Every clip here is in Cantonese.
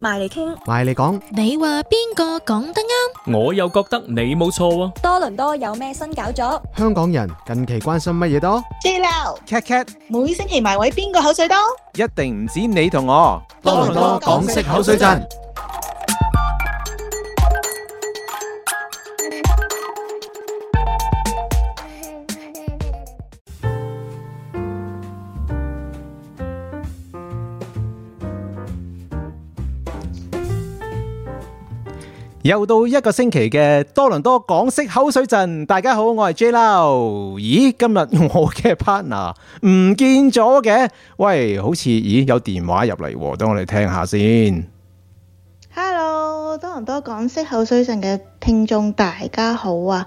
埋嚟傾，埋嚟講，你話邊個講得啱？我又覺得你冇錯。多倫多有咩新搞作？香港人近期關心乜嘢多？JLau、Kat Kat，每星期埋位邊個口水多？一定唔止你同我。多倫多港式口水陣。又到一個星期嘅多倫多港式口水陣，大家好，我係 JLau。咦，今日我嘅 partner 唔見咗嘅，喂，好似咦有電話入嚟，等我哋聽一下先。Hello，多倫多港式口水陣嘅聽眾大家好啊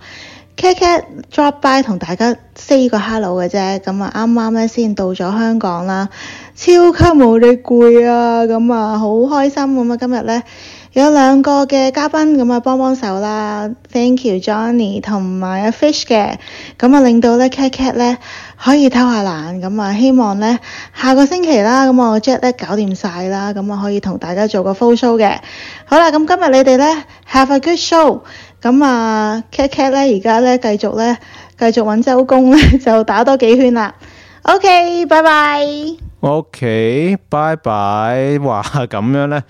，Kat Kat drop by 同大家 say 個 hello 嘅啫，咁啊，啱啱咧先到咗香港啦，超級冇你攰啊，咁啊好開心咁啊，今日呢。有兩個嘅嘉賓咁啊，幫幫手啦，thank you Johnny 同埋阿 Fish 嘅，咁啊令到咧 Kat Kat 咧可以偷下懶，咁啊希望咧下個星期啦，咁我 Jet 咧搞掂晒啦，咁啊可以同大家做個 full show 嘅。好啦，咁今日你哋咧 have a good show，咁啊 Kat Kat 咧而家咧繼續咧繼續揾周公咧 就打多幾圈啦。OK，拜拜。OK，拜拜。哇，咁樣咧～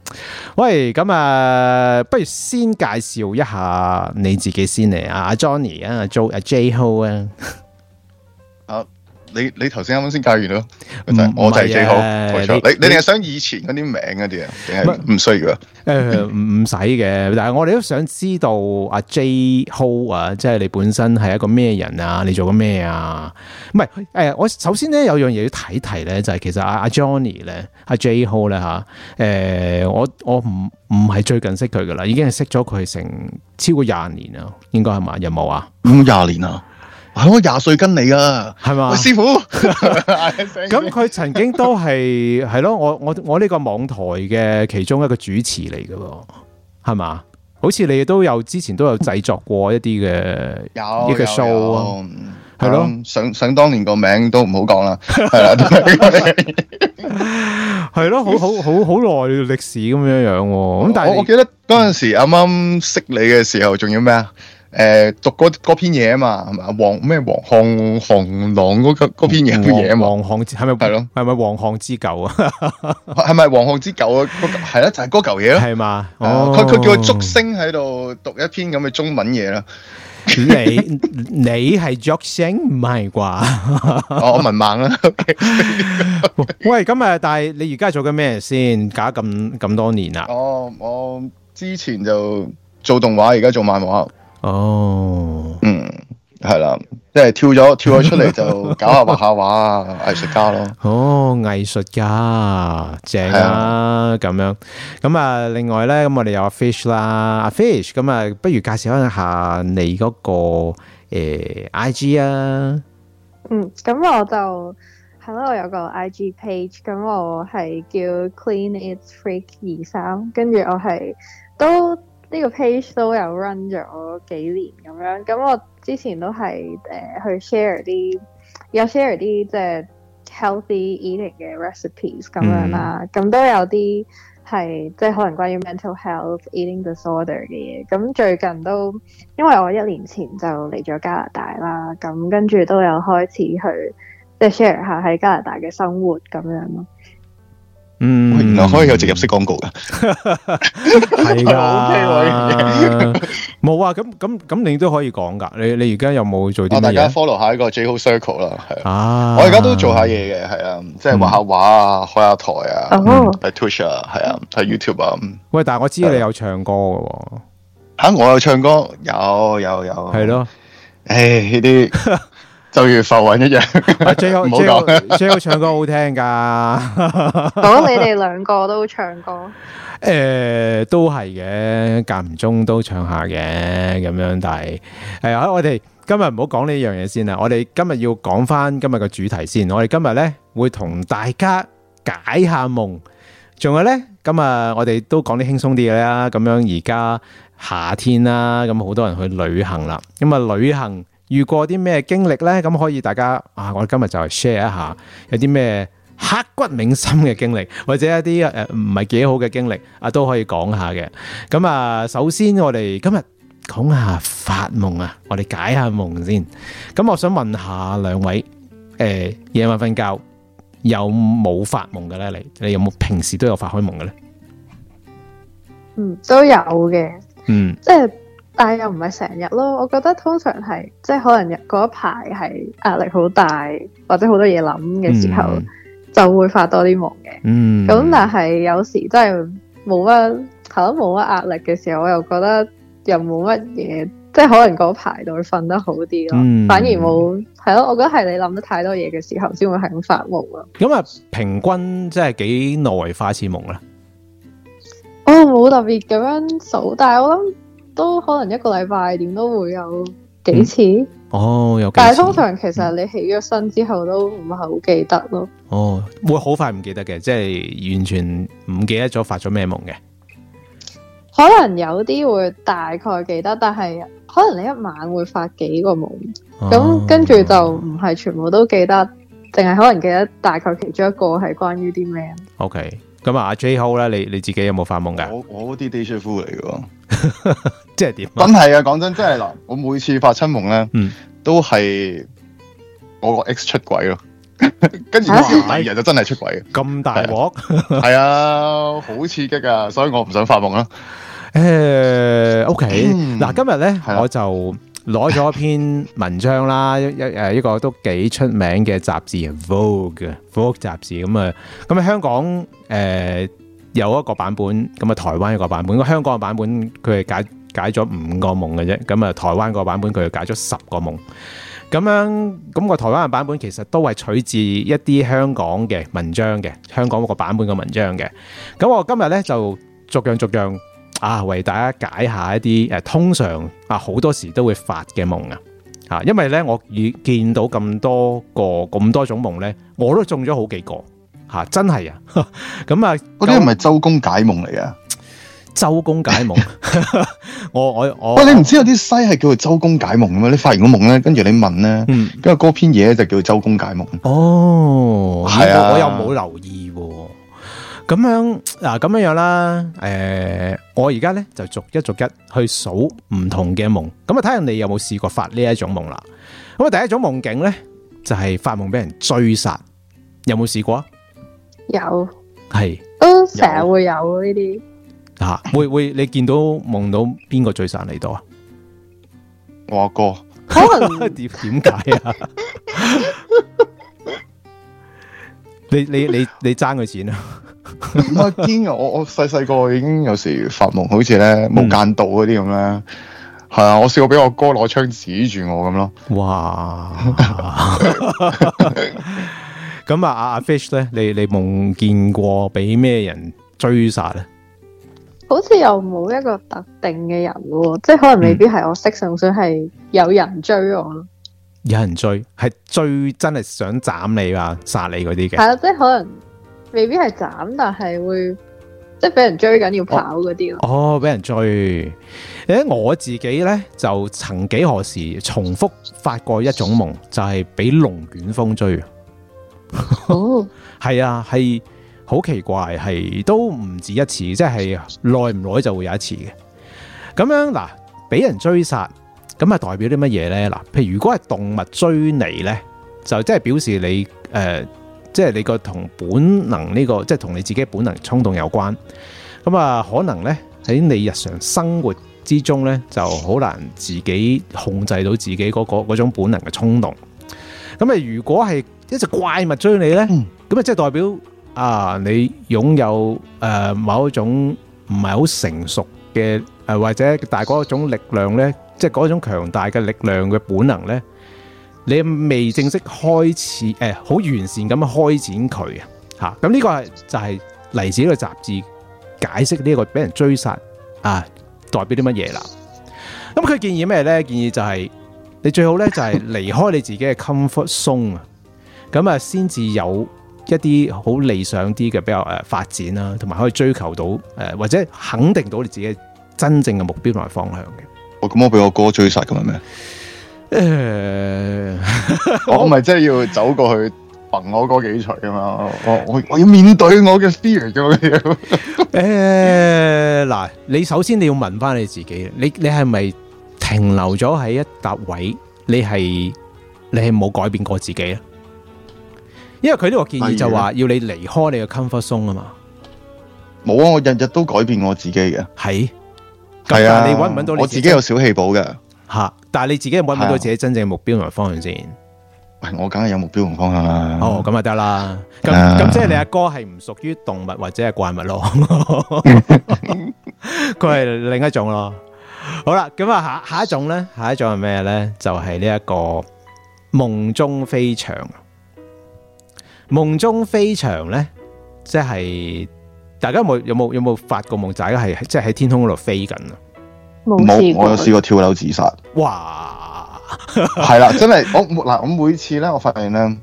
喂，咁啊，不如先介紹一下你自己先嚟啊，Johnny 啊，Jo 啊，J Ho 啊， oh. 你你頭先啱啱先介完咯，我就係 J 浩。你你定係想以前嗰啲名嗰啲啊？定係唔需要啊？誒唔唔使嘅，但係我哋都想知道阿 J 浩啊，即係你本身係一個咩人啊？你做緊咩啊？唔係誒，我首先咧有一樣嘢要提提咧，就係其實阿阿 Johnny 咧，阿 J 浩咧嚇誒，我我唔唔係最近識佢噶啦，已經係識咗佢成超過廿年啊，應該係嘛？有冇啊？五廿年啊！啊、我廿歲跟你噶，係嘛？喂，師傅，咁 佢曾經都係係咯，我我我呢個網台嘅其中一個主持嚟噶，係嘛？好似你都有之前都有製作過一啲嘅，有一個 show 係咯，想想當年個名都唔好講啦，係 啦是的，係 咯，好好好好耐歷史咁樣樣，咁 但係我，我記得嗰陣時啱啱識你嘅時候，仲要咩啊？誒，讀嗰篇嘢啊嘛，係嘛，黃咩黃漢紅狼嗰個嗰篇嘢，黃漢係咪係咯，係咪黃漢之狗啊？係咪黃漢之狗啊？係、那、啦、個啊，就係嗰嚿嘢咯，係嘛？佢、oh. 佢、呃、叫竹升喺度讀一篇咁嘅中文嘢啦、啊。 你你係竹升唔係啩？我文盲啊！ 喂，咁啊，但係你而家做緊咩先？搞咁咁多年啦。哦，我之前就做動畫，而家做漫畫。哦，嗯，係啦，即係跳咗跳咗出嚟就搞下畫下畫啊，藝術家咯。哦，藝術家，正啊，咁樣。咁啊，另外咧，咁我哋有阿 Fish 啦，阿 Fish，咁啊，不如介紹一下你嗰個誒 IG 啊。嗯，咁我就係咯，我有個 IG page，咁我係叫 Clean Eats Freak 二三，跟住我係都。呢、這個 page 都有 run 咗幾年咁樣，咁我之前都係、呃、去 share 啲有 share 啲即係 healthy eating 嘅 recipes 咁樣啦，咁、嗯、都有啲係即係可能關於 mental health eating disorder 嘅嘢。咁最近都因為我一年前就嚟咗加拿大啦，咁跟住都有開始去即係、就是、share 一下喺加拿大嘅生活咁樣囉。嗯，原來可以有植入式廣告噶，係 OK，冇啊，咁咁咁你都可以講噶，你你而家有冇做啲、啊？大家 follow 下一個 J Ho circle 啦，係啊，我而家都做下嘢嘅，係啊，即係畫下畫啊、嗯，開下台啊，係 Twitch 啊，係啊，睇 YouTube 啊，喂，但係我知你有唱歌噶喎，吓、啊，我有唱歌，有有有，係咯，誒、呢、哎、啲。 就如浮雲一樣。JLau 唱歌好聽噶。講 你哋兩個都唱歌，欸。誒，都係嘅，間唔中都唱下嘅，咁樣。但係，係，欸，啊，我哋今日唔好講呢樣嘢先啦。我哋今日要講返今日嘅主題先。我哋今日咧會同大家解一下夢，仲有咧，今日我哋都講啲輕鬆啲嘅啦。咁樣而家夏天啦，啊，咁好多人去旅行啦。咁啊，旅行。遇過啲咩經歷咧？咁可以大家啊，我哋今日就係 share 一下有啲咩刻骨銘心嘅經歷，或者一啲誒唔係幾好嘅經歷啊，都可以講下嘅。咁啊，首先我哋今日講下發夢啊，我哋解下夢先。咁我想問下兩位，誒，夜晚瞓覺有冇發夢嘅咧？你你有冇平時都有發開夢嘅咧？嗯，都有嘅。嗯，即係。但係又唔係成日咯，我覺得通常係即係可能嗰一排係壓力好大或者好多嘢諗嘅時候、嗯、就會發多啲夢嘅。咁、嗯、但係有時真係冇乜，係咯冇乜壓力嘅時候，我又覺得又冇乜嘢，即係可能嗰一排就會瞓得好啲咯、嗯。反而冇係咯，我覺得係你諗得太多嘢嘅時候才，先會係咁發夢咯。咁啊，平均即係、就是、幾耐發一次夢咧？我冇特別咁樣數，但係我諗。都可能一個禮拜點都會有幾次，嗯、哦，有。但係通常其實你起咗身之後都唔係好記得咯、嗯。哦，會好快唔記得嘅，即係完全唔記得咗發咗咩夢嘅。可能有啲會大概記得，但係可能你一晚會發幾個夢，咁跟住就唔係全部都記得，淨係可能記得大概其中一個係關於啲咩。OK。咁啊，阿 J Ho 咧，你你自己有冇發夢噶我我啲低衰夫嚟嘅，即係點？真係啊，講真，真係，嗱，我每次發親夢咧，嗯，都係我個 X 出軌咯，跟住第二日就真係出軌，咁大鑊，係啊，好刺激啊，所以我唔想發夢咯。誒，OK，嗱，今日咧我就。攞咗一篇文章啦，一一誒一個都幾出名嘅雜誌《Vogue》《Vogue》雜誌咁啊，咁啊香港誒有一個版本，咁啊台灣一個版本，個香港嘅版本佢係解解咗五個夢嘅啫，咁啊台灣個版本佢係解咗十個夢，咁樣咁個台灣嘅版本其實都係取自一啲香港嘅文章嘅，香港個版本嘅文章嘅，咁我今日咧就逐樣逐樣。啊，為大家解，解一下一啲誒、啊，通常啊，好多時都會發嘅夢啊，吓，因為咧，我已見到咁多個咁多種夢咧，我都中咗好幾個，吓、啊，真係啊，咁啊，嗰啲係咪周公解夢嚟啊？周公解夢， 我我我，喂，你唔知有啲西係叫做周公解夢嘛？你發完個夢咧，跟住你問咧，跟住嗰篇嘢就叫做周公解夢。哦，係啊，啊我又冇留意。咁樣嗱，咁樣樣啦，誒、呃，我而家咧就逐一逐一去數唔同嘅夢，咁啊睇下你有冇試過發呢一種夢啦。咁啊，第一種夢境咧就係、是、發夢俾人追殺，有冇試過啊？有，係都成日會有呢啲。吓、啊，會會你見到夢到邊個追殺你到？啊？ 我阿哥，可能點點解啊？你你你你爭佢錢啊？阿堅，我我細細個已經有時發夢，好似咧冇間道嗰啲咁咧，係、嗯、啊，我試過俾我哥攞槍指住我咁咯。哇！咁 啊，阿阿 Fish 咧，你你夢見過俾咩人追殺咧？好似又冇一個特定嘅人喎、哦，即係可能未必係我識，甚至係有人追我咯。有人追係追真係想斬你啊，殺你嗰啲嘅。係啊，即係可能。未必係斬，但係會即係俾人追緊要跑嗰啲咯。哦，哦，俾人追。誒，我自己咧就曾幾何時重複發過一種夢，就係俾龍捲風追。哦，係 啊，係好奇怪，係都唔止一次，即係耐唔耐就會有一次嘅。咁樣嗱，俾人追殺，咁啊代表啲乜嘢咧？嗱，譬如如果係動物追你咧，就即係表示你誒。呃即係你個同本能呢個，即係同你自己本能嘅衝動有關。咁啊，可能咧喺你日常生活之中咧，就好難自己控制到自己嗰個嗰種本能嘅衝動。咁啊，如果係一隻怪物追你咧，咁啊，即係代表啊，你擁有誒、呃、某一種唔係好成熟嘅誒、呃，或者大嗰一種力量咧，即係嗰種強大嘅力量嘅本能咧。你未正式開始，誒、呃、好完善咁開展佢啊，嚇！咁呢個係就係嚟自呢個雜誌解釋呢個俾人追殺啊，代表啲乜嘢啦？咁、啊、佢建議咩咧？建議就係、是、你最好咧就係離開你自己嘅 comfort zone 啊，咁啊先至有一啲好理想啲嘅比較誒發展啦，同埋可以追求到誒或者肯定到你自己真正嘅目標同埋方向嘅。我咁我俾我哥追殺咁係咩？誒， 我咪真係要走過去，掟我嗰幾錘啊嘛！我我我要面對我嘅 fear。誒、 呃，嗱，你首先你要問翻你自己，你你係咪停留咗喺一笪位？你係你係冇改變過自己啊？因為佢呢個建議就話要你離開你嘅 comfort zone 啊嘛。冇啊，我日日都改變我自己嘅。係，係啊，你揾唔揾到你的？我自己有小氣寶嘅。吓！但係你自己有冇諗到自己真正嘅目標同埋方向先？喂，啊,我梗係有目標同方向啦。哦，咁咪得啦。咁咁即係你阿哥係唔屬於動物或者係怪物咯？佢 係 另一種咯。好啦，咁啊下下一種咧，下一種係咩咧？就係呢一個夢中飛翔。夢中飛翔咧，即、就、係、是、大家有冇有冇有冇發過夢？而家係即係喺天空嗰度飛緊啊！冇，我有試過跳樓自殺。哇，係 啦，真係我嗱，我每次咧，我發現咧，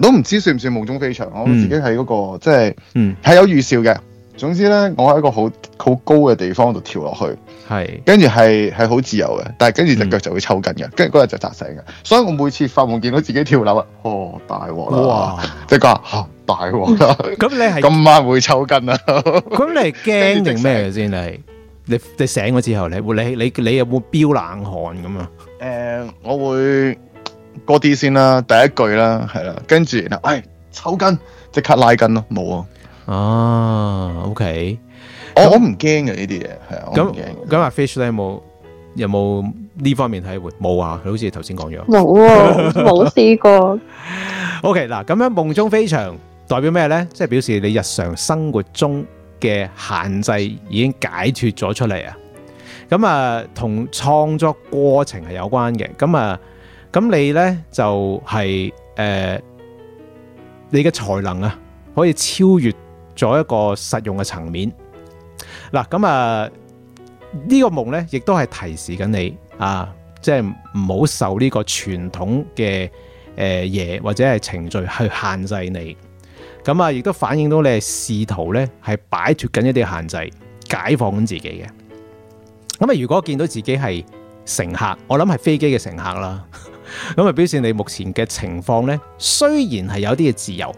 都唔知算唔算夢中飛翔。嗯、我自己喺嗰、那個即係，係、嗯、有預兆嘅。總之咧，我喺一個好好高嘅地方度跳落去，係跟住係係好自由嘅，但係跟住隻腳就會抽筋嘅，跟住嗰日就扎醒嘅。所以我每次發夢見到自己跳樓，哦、啊，哦大鑊啦，即係話吓大鑊啦。咁你係咁晚會抽筋啊？咁、嗯、你驚定咩先你？你你醒咗之後，你會你你你有冇飆冷汗咁啊？誒、呃，我會嗰啲先啦，第一句啦，係啦，跟住嗱，哎，抽筋，即刻拉筋咯，冇啊。啊 OK 我唔驚嘅呢啲嘢，係啊，我唔驚嘅。Fish 咧有冇有冇呢方面體會？冇啊，佢好似頭先講咗，冇啊，冇試過。OK，嗱，咁樣夢中飛翔代表咩咧？即係表示你日常生活中。嘅限制已經解脫咗出嚟啊！咁啊，同創作過程係有關嘅。咁啊，咁你咧就係誒你嘅才能啊，可以超越咗一個實用嘅層面。嗱，咁啊，呢個夢咧，亦都係提示緊你啊，即係唔好受呢個傳統嘅誒嘢或者係程序去限制你。咁啊，亦都反映到你係試圖咧係擺脫緊一啲限制，解放緊自己嘅。咁啊，如果見到自己係乘客，我諗係飛機嘅乘客啦。咁啊，表示你目前嘅情況咧，雖然係有啲嘅自由，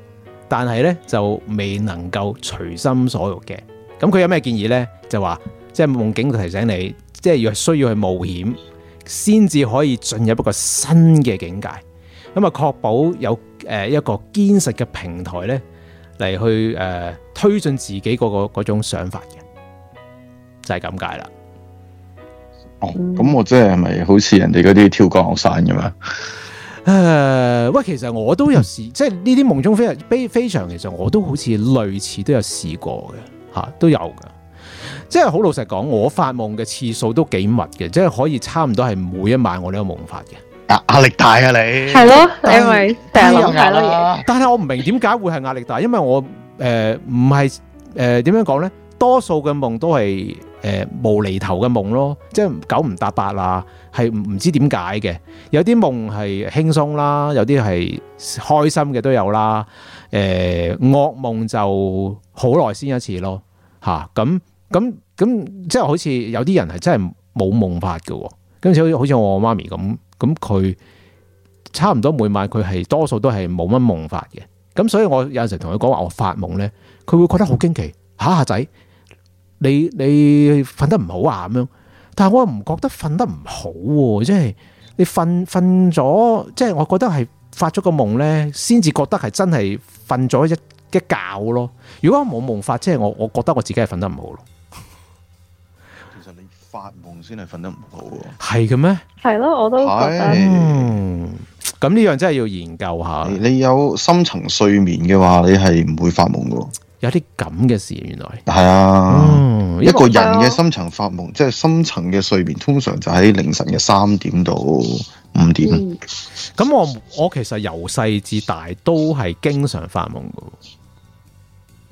但係咧就未能夠隨心所欲嘅。咁佢有咩建議咧？就話即係夢境提醒你，即係要需要去冒險，先至可以進入一個新嘅境界。咁啊，確保有誒一個堅實嘅平台咧。嚟去誒、呃，推進自己嗰個種想法嘅，就係咁解啦。哦，咁我即係咪好似人哋嗰啲跳降傘咁啊？誒、呃，喂，其實我都有試，即係呢啲夢中飛啊，非非常，其實我都好似類似都有試過嘅，吓、啊、都有嘅。即係好老實講，我發夢嘅次數都幾密嘅，即係可以差唔多係每一晚我都有夢法嘅。壓力大啊你！你係咯，因為第一嘢，但係我唔明點解會係壓力大， 因為我誒唔係誒點樣講咧？多數嘅夢都係誒、呃、無厘頭嘅夢咯，即係九唔搭八啦，係唔知點解嘅。有啲夢係輕鬆啦，有啲係開心嘅都有啦。誒、呃，噩夢就好耐先一次咯，吓咁咁咁，即係好似有啲人係真係冇夢法嘅。咁似好似我媽咪咁。咁佢差唔多每晚佢係多數都係冇乜夢發嘅，咁所以我有陣時同佢講話我發夢咧，佢會覺得好驚奇，吓下仔，你你瞓得唔好啊咁樣，但係我又唔覺得瞓得唔好，即係你瞓瞓咗，即係我覺得係發咗個夢咧，先至覺得係真係瞓咗一一覺咯。如果我冇夢發，即係我我覺得我自己係瞓得唔好咯。發夢先係瞓得唔好喎，係嘅咩？係咯，我都覺得。咁呢、嗯、樣真係要研究下。你有深層睡眠嘅話，你係唔會發夢嘅。有啲咁嘅事、啊，原來係啊、嗯。一個人嘅深層發夢、嗯，即係深層嘅睡眠，通常就喺凌晨嘅三點到五點。咁、嗯、我我其實由細至大都係經常發夢嘅。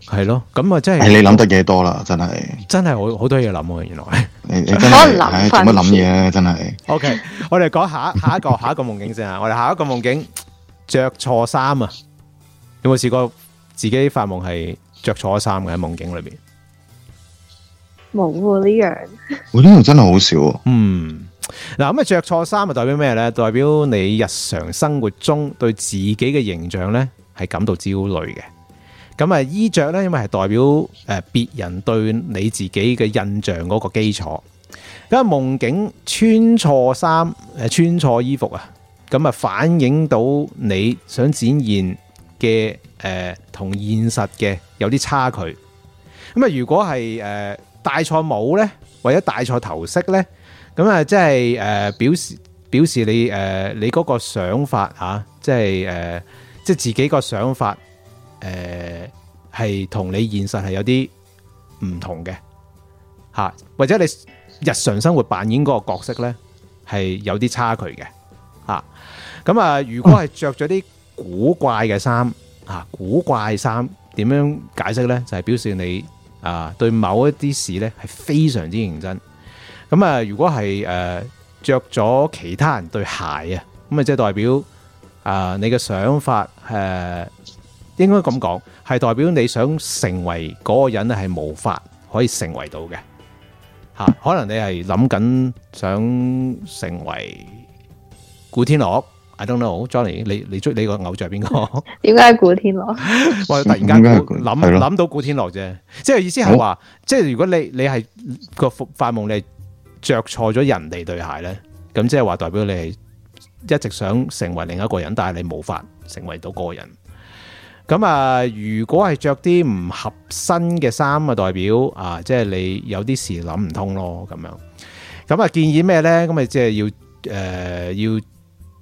係咯，咁啊真係你諗得嘢多啦，真係真係好好多嘢諗喎，原來真、啊、你你真係、哎、做乜諗嘢真係。O、okay, K，我哋講下下一個 下一個夢境先啊，我哋下一個夢境着錯衫啊，有冇試過自己發夢係着錯衫嘅喺夢境裏邊？冇呢樣，呢、哦、樣真係好少、啊。嗯，嗱咁啊，着錯衫啊代表咩咧？代表你日常生活中對自己嘅形象咧係感到焦慮嘅。咁啊，衣著咧，因為係代表誒，別人對你自己嘅印象嗰個基礎。咁啊夢境穿錯衫，誒穿錯衣服啊，咁啊反映到你想展現嘅誒，同、呃、現實嘅有啲差距。咁啊，如果係誒、呃、戴錯帽咧，或者戴錯頭飾咧，咁啊即係誒表示表示你誒、呃、你嗰個想法啊，即係誒即係自己個想法。誒、呃，係同你現實係有啲唔同嘅吓，或者你日常生活扮演嗰個角色咧，係有啲差距嘅吓。咁啊，如果係着咗啲古怪嘅衫啊，古怪衫點樣解釋咧？就係、是、表示你啊對某一啲事咧係非常之認真。咁啊，如果係誒着咗其他人對鞋啊，咁啊即係代表啊你嘅想法誒。啊應該咁講，係代表你想成為嗰個人咧，係無法可以成為到嘅。吓，可能你係諗緊想成為古天樂。I don't know，Johnny，你你追你個偶像係邊個？點解係古天樂？我突然間諗諗到古天樂啫，即係意思係話，即係如果你你係個發夢你係着錯咗人哋對鞋咧，咁即係話代表你係一直想成為另一個人，但係你無法成為到嗰個人。咁啊，如果係着啲唔合身嘅衫啊，代表啊，即係你有啲事諗唔通咯，咁樣。咁啊，建議咩咧？咁啊，即係要誒要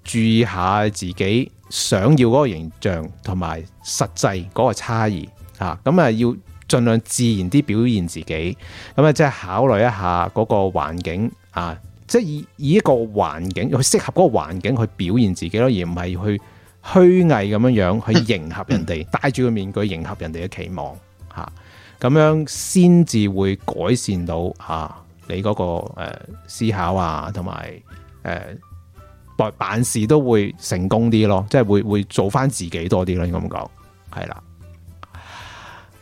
注意下自己想要嗰個形象同埋實際嗰個差異啊。咁啊，要盡量自然啲表現自己。咁啊，即係考慮一下嗰個環境啊，即係以以一個環境去適合嗰個環境去表現自己咯，而唔係去。虛偽咁樣樣去迎合人哋，戴住個面具迎合人哋嘅期望，吓、啊、咁樣先至會改善到吓、啊、你嗰、那個誒、呃、思考啊，同埋誒辦事都會成功啲咯，即係會會做翻自己多啲咯應該咁講係啦，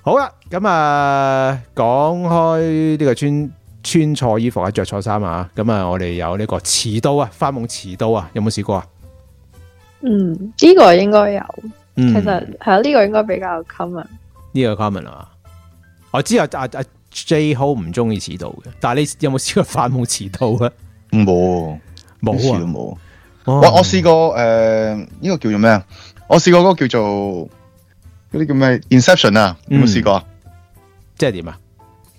好啦，咁啊講開呢個穿穿錯衣服啊，着錯衫啊，咁啊，我哋有呢個遲到啊，發夢遲到啊，有冇試過啊？嗯、呢、這個應該有，其實係啊，呢、嗯這個應該比較 common。呢、這個 common 啊嘛，我知阿阿、啊啊、J Ho 唔中意遲到嘅，但係你有冇試過發夢遲到沒有沒有啊？冇，冇，一次都冇。我我試過誒，呢個叫做咩啊？我試過嗰、呃這個叫做嗰啲叫咩？Inception 啊，有冇試過啊、嗯？即係點啊？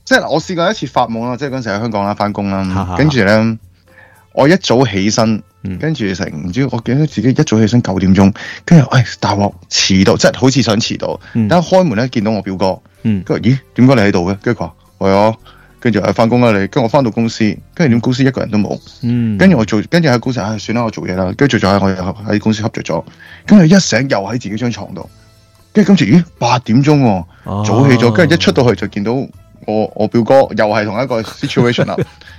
即係我試過一次發夢啊，即係嗰陣時喺香港啦，返工啦，跟住咧。我一早起身、嗯，跟住成唔知我記得自己一早起身，九點鐘，跟住哎，大鑊遲到，即係好似想遲到。嗯、一開門咧，見到我表哥，跟、嗯、住，咦點解你喺度嘅？跟住佢話，喂啊，跟住啊，返工啦你。跟住我返到公司，跟住點，公司一個人都冇，跟、嗯、住我做，跟住喺公司、哎、算啦，我做嘢啦。跟住做咗，我喺公司瞌着咗，跟住一醒又喺自己張床度，跟住跟住，咦八點鐘早起咗，跟、啊、住一出到去就見到我我表哥又係同一個 situation 啦。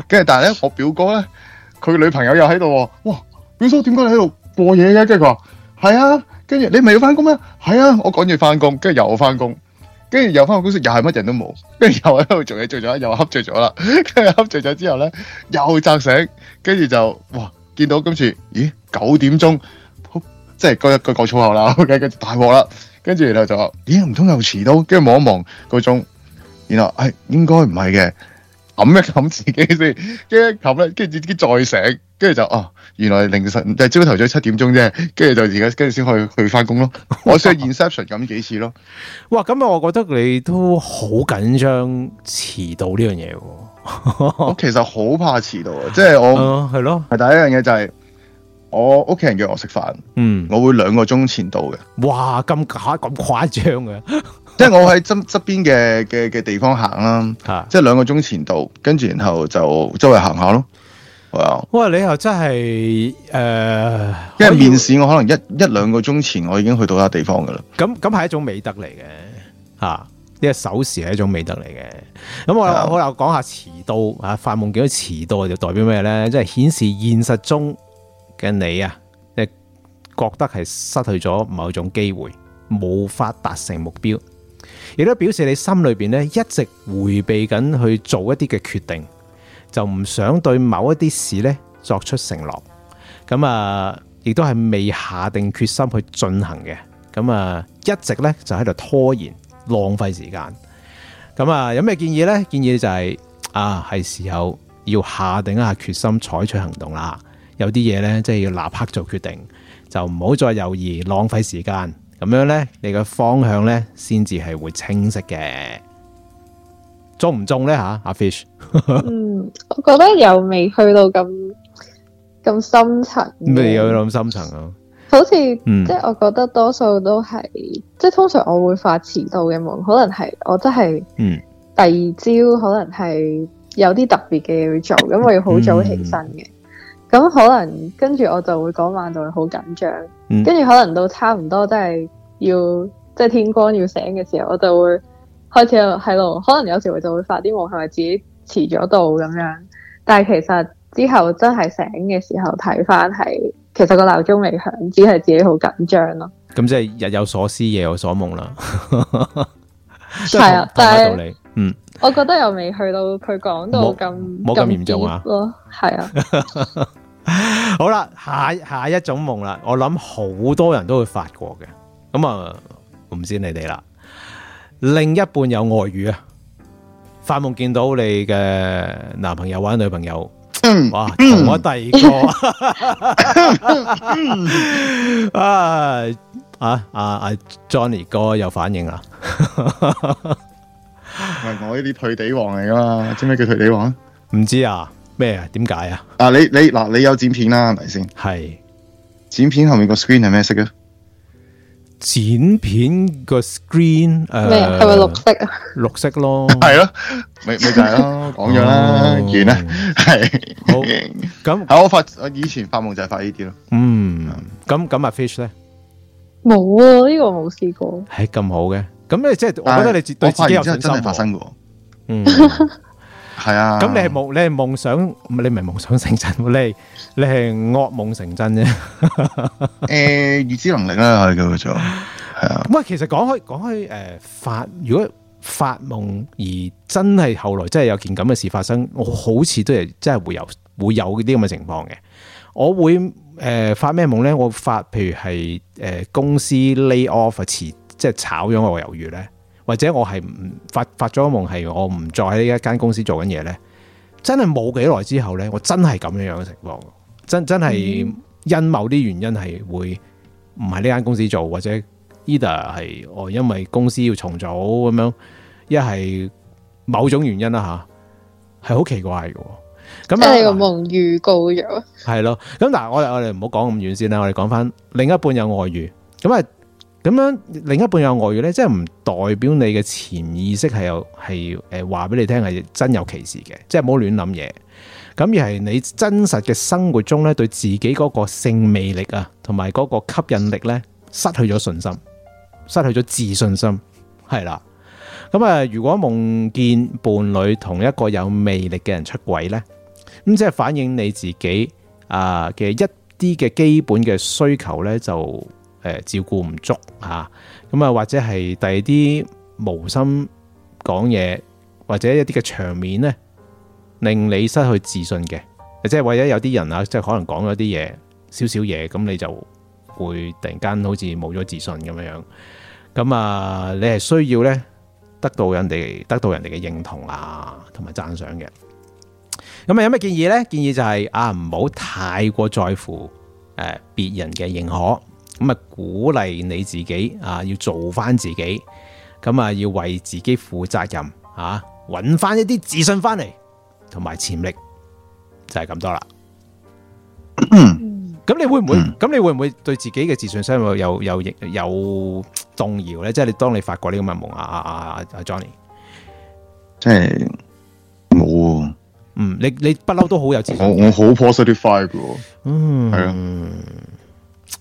跟住但係咧，我表哥咧。 佢女朋友又喺度喎，哇！表叔點解你喺度播嘢嘅？跟住佢話：係啊，跟住你咪要翻工咩？係啊，我趕住翻工，跟住又翻工，跟住又翻個公司又係乜人都冇，跟住又喺度做嘢做咗，又瞌著咗啦。跟住瞌著咗之後咧，又扎醒，跟住就哇！見到今次咦九點鐘，即係嗰個粗口啦，跟住大鑊啦。跟住然後就話：咦唔通又遲到？跟住望一望個鐘，然後誒應該唔係嘅。冚一冚自己先，跟住冚咧，跟住自，自己再醒，跟住就哦，原來凌晨即係朝頭早七點鐘啫，跟住就而家跟住先可以去翻工咯。 我需要 inception 咁幾次咯。哇，咁我覺得你都好緊張遲到呢樣嘢。 我其實好怕遲到啊，即係我係、嗯、咯，係第一樣嘢就係、是、我屋企人叫我食飯，嗯，我會兩個鐘前到嘅。哇，咁假，咁誇張嘅？ 即係我喺側側邊嘅嘅嘅地方行啦、啊，即係兩個鐘前度，跟住然後就周圍行下咯。哇！你又真係誒、呃，因為面試我可能一可一兩個鐘前我已經去到個地方噶啦。咁咁係一種美德嚟嘅吓，呢、啊這個守時係一種美德嚟嘅。咁我、啊、我又講下遲到啊，發夢見到遲到就代表咩咧？即、就、係、是、顯示現實中嘅你啊，即覺得係失去咗某種機會，無法達成目標。亦都表示你心裏邊咧一直回避緊去做一啲嘅決定，就唔想對某一啲事咧作出承諾。咁啊，亦都係未下定決心去進行嘅。咁啊，一直咧就喺度拖延，浪費時間。咁啊，有咩建議咧？建議就係啊，係時候要下定一下決心，採取行動啦。有啲嘢咧，即係要立刻做決定，就唔好再猶豫，浪費時間。咁樣咧，你個方向咧，先至係會清晰嘅。中唔中咧吓？阿 Fish， 嗯，我覺得又未去到咁咁深層，未有咁深層啊。好似、嗯、即係，我覺得多數都係，即係通常我會發遲到嘅夢，可能係我真係，嗯，第二朝可能係有啲特別嘅嘢要做，因為我要好早起身嘅。嗯嗯咁可能跟住我就會嗰晚就會好緊張，嗯、跟住可能到差唔多真係要即係、即係、天光要醒嘅時候，我就會開始係咯，可能有時我就會發啲夢，係咪自己遲咗到咁樣？但係其實之後真係醒嘅時候睇翻，係其實個鬧鐘未響，只係自己好緊張咯。咁即係日有所思夜有所夢啦。係 是啊， 但係嗯，我覺得又未去到佢講到咁冇咁嚴重啊。係啊。 好啦，下一下一種夢啦，我諗好多人都會發過嘅，咁、嗯、啊，唔知你哋啦。另一半有外遇啊，發夢見到你嘅男朋友或者女朋友，嗯、哇，同我第二個、嗯、 啊啊啊啊，Johnny 哥有反應啦。 我呢啲退地王嚟噶嘛？知咩叫退地王？唔知啊。咩啊？點解啊？嗱，你你嗱，你有剪片啦，啊，係咪先？係剪片後面個 screen 係咩色咧？剪片個 screen 誒、呃，係咪綠色啊？綠色咯，係咯，咪咪就係咯，講 咗啦，嗯、完啦，係好咁。我發我以前發夢就係發呢啲咯。嗯，咁咁啊 fish 咧，冇啊，呢、這個我冇試過。係咁好嘅，咁你即係我覺得你對自己有信心，我發真係真係發生過。嗯。 係啊，咁你係夢，你係夢想，你唔係夢想成真，你係你係惡夢成真啫 、呃。誒，預知能力啦，係咁嘅啫，係啊。喂，其實，講開講開，誒、呃，發如果發夢而真係後來真係有件咁嘅事發生，我好似都係真係會有會有啲咁嘅情況嘅。我會誒、呃、發咩夢咧？我發譬如係誒、呃、公司 lay off，辭即係炒咗我魷魚咧。或者我係唔發發咗夢，係我唔再喺呢一間公司做緊嘢咧，真係冇幾耐之後咧，我真係咁樣樣嘅情況，真真係因某啲原因係會唔係呢間公司做，或者 either 係我因為公司要重組咁樣，一係某種原因啦吓，係好奇怪嘅。咁即係個夢預告咗，係咯。咁但係我我哋唔好講咁遠先啦，我哋講翻另一半有外遇，咁啊。咁樣另一半有外遇咧，即係唔代表你嘅潛意識係有係誒話俾你聽係真有其事嘅，即係唔好亂諗嘢。咁而係你真實嘅生活中咧，對自己嗰個性魅力啊，同埋嗰個吸引力咧，失去咗信心，失去咗自信心，係啦。咁啊，如果夢見伴侶同一個有魅力嘅人出軌咧，咁即係反映你自己啊嘅一啲嘅基本嘅需求咧，就。誒，照顧唔足吓，咁啊，或者係第二啲無心講嘢，或者一啲嘅場面咧，令你失去自信嘅，即係或者有啲人啊，即係可能講咗啲嘢，少少嘢，咁你就會突然間好似冇咗自信咁樣樣，咁啊，你係需要咧，得到人哋，得到人哋嘅認同啊，同埋讚賞嘅，咁啊，有咩建議咧？建議就係、是、啊，唔好太過在乎誒，別人嘅認可。咁啊，鼓勵你自己啊，要做翻自己，咁啊，要為自己負責任啊，揾翻一啲自信翻嚟，同埋潛力就係、是、咁多啦。咁 你會唔會？咁、嗯、你會唔會對自己嘅自信心有有有動搖咧？即係你當你發過呢個密夢啊啊啊，Johnny，即係冇，嗯，你你不嬲都好有自信，我我好 positive 嗯，係啊。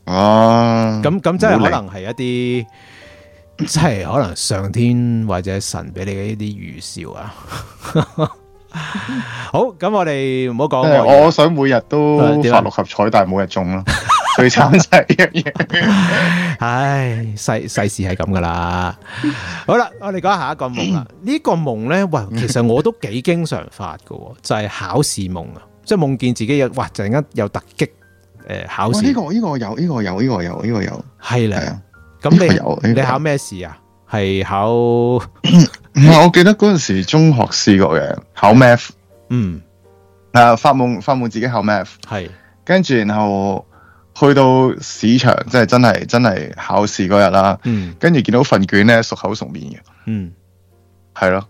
哦，咁咁真係可能係一啲，即係可能上天或者神俾你嘅一啲預兆啊。好，咁我哋唔好講。我想每日都發六合彩，但係冇日中咯，最慘就係呢樣嘢。唉，世世事係咁噶啦。好啦，我哋講下一個夢啦。呢個夢咧，喂，其實我都幾經常發噶，就係考試夢啊，即係夢見自己有，哇，突然間有突擊。誒，考試呢、哦這個呢、這個有呢、這個有呢、這個有呢、這個有係啦，咁、嗯這個、你、這個、有你考咩試啊？係考 我記得嗰陣時中學試過嘅，考 math，嗯，啊發夢發夢自己考 math，係，跟住然後去到市場，即係真係真係考試嗰日啦，跟住見到份卷咧熟口熟面嘅，嗯，係咯，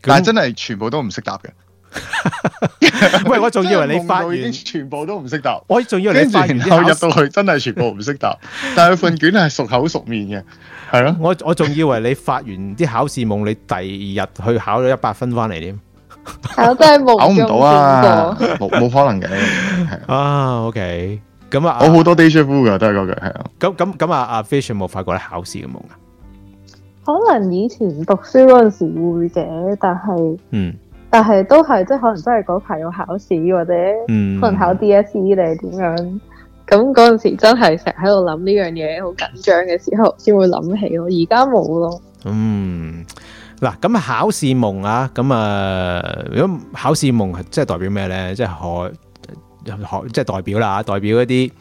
但係真係全部都唔識答嘅。 喂，我仲以，以、， 啊、以為你發完全部都唔識答，我仲以為你發完後入到去真係全部唔識答，但係佢份卷係熟口熟面嘅，係咯。我我仲以為你發完啲考試夢，你第二日去考咗一百分翻嚟添，係咯，真係冇唔到啊，冇 可能嘅， 啊，OK，咁啊，我好多 deja vu 都係嗰句，係啊，咁咁咁啊，阿 Fish 有冇發過你考試嘅夢？可能以前讀書嗰陣時候會嘅，但係嗯。但係都係，即係可能真係嗰排要考試或者，可能考 DSE 定係點樣？咁嗰陣時真係成日喺度諗呢樣嘢，好緊張嘅時候先會諗起咯。而家冇咯。嗯，嗱，咁考試夢啊，咁啊，如、呃、果考試夢係即係代表咩咧？即係可可即係代表啦，代表一啲誒、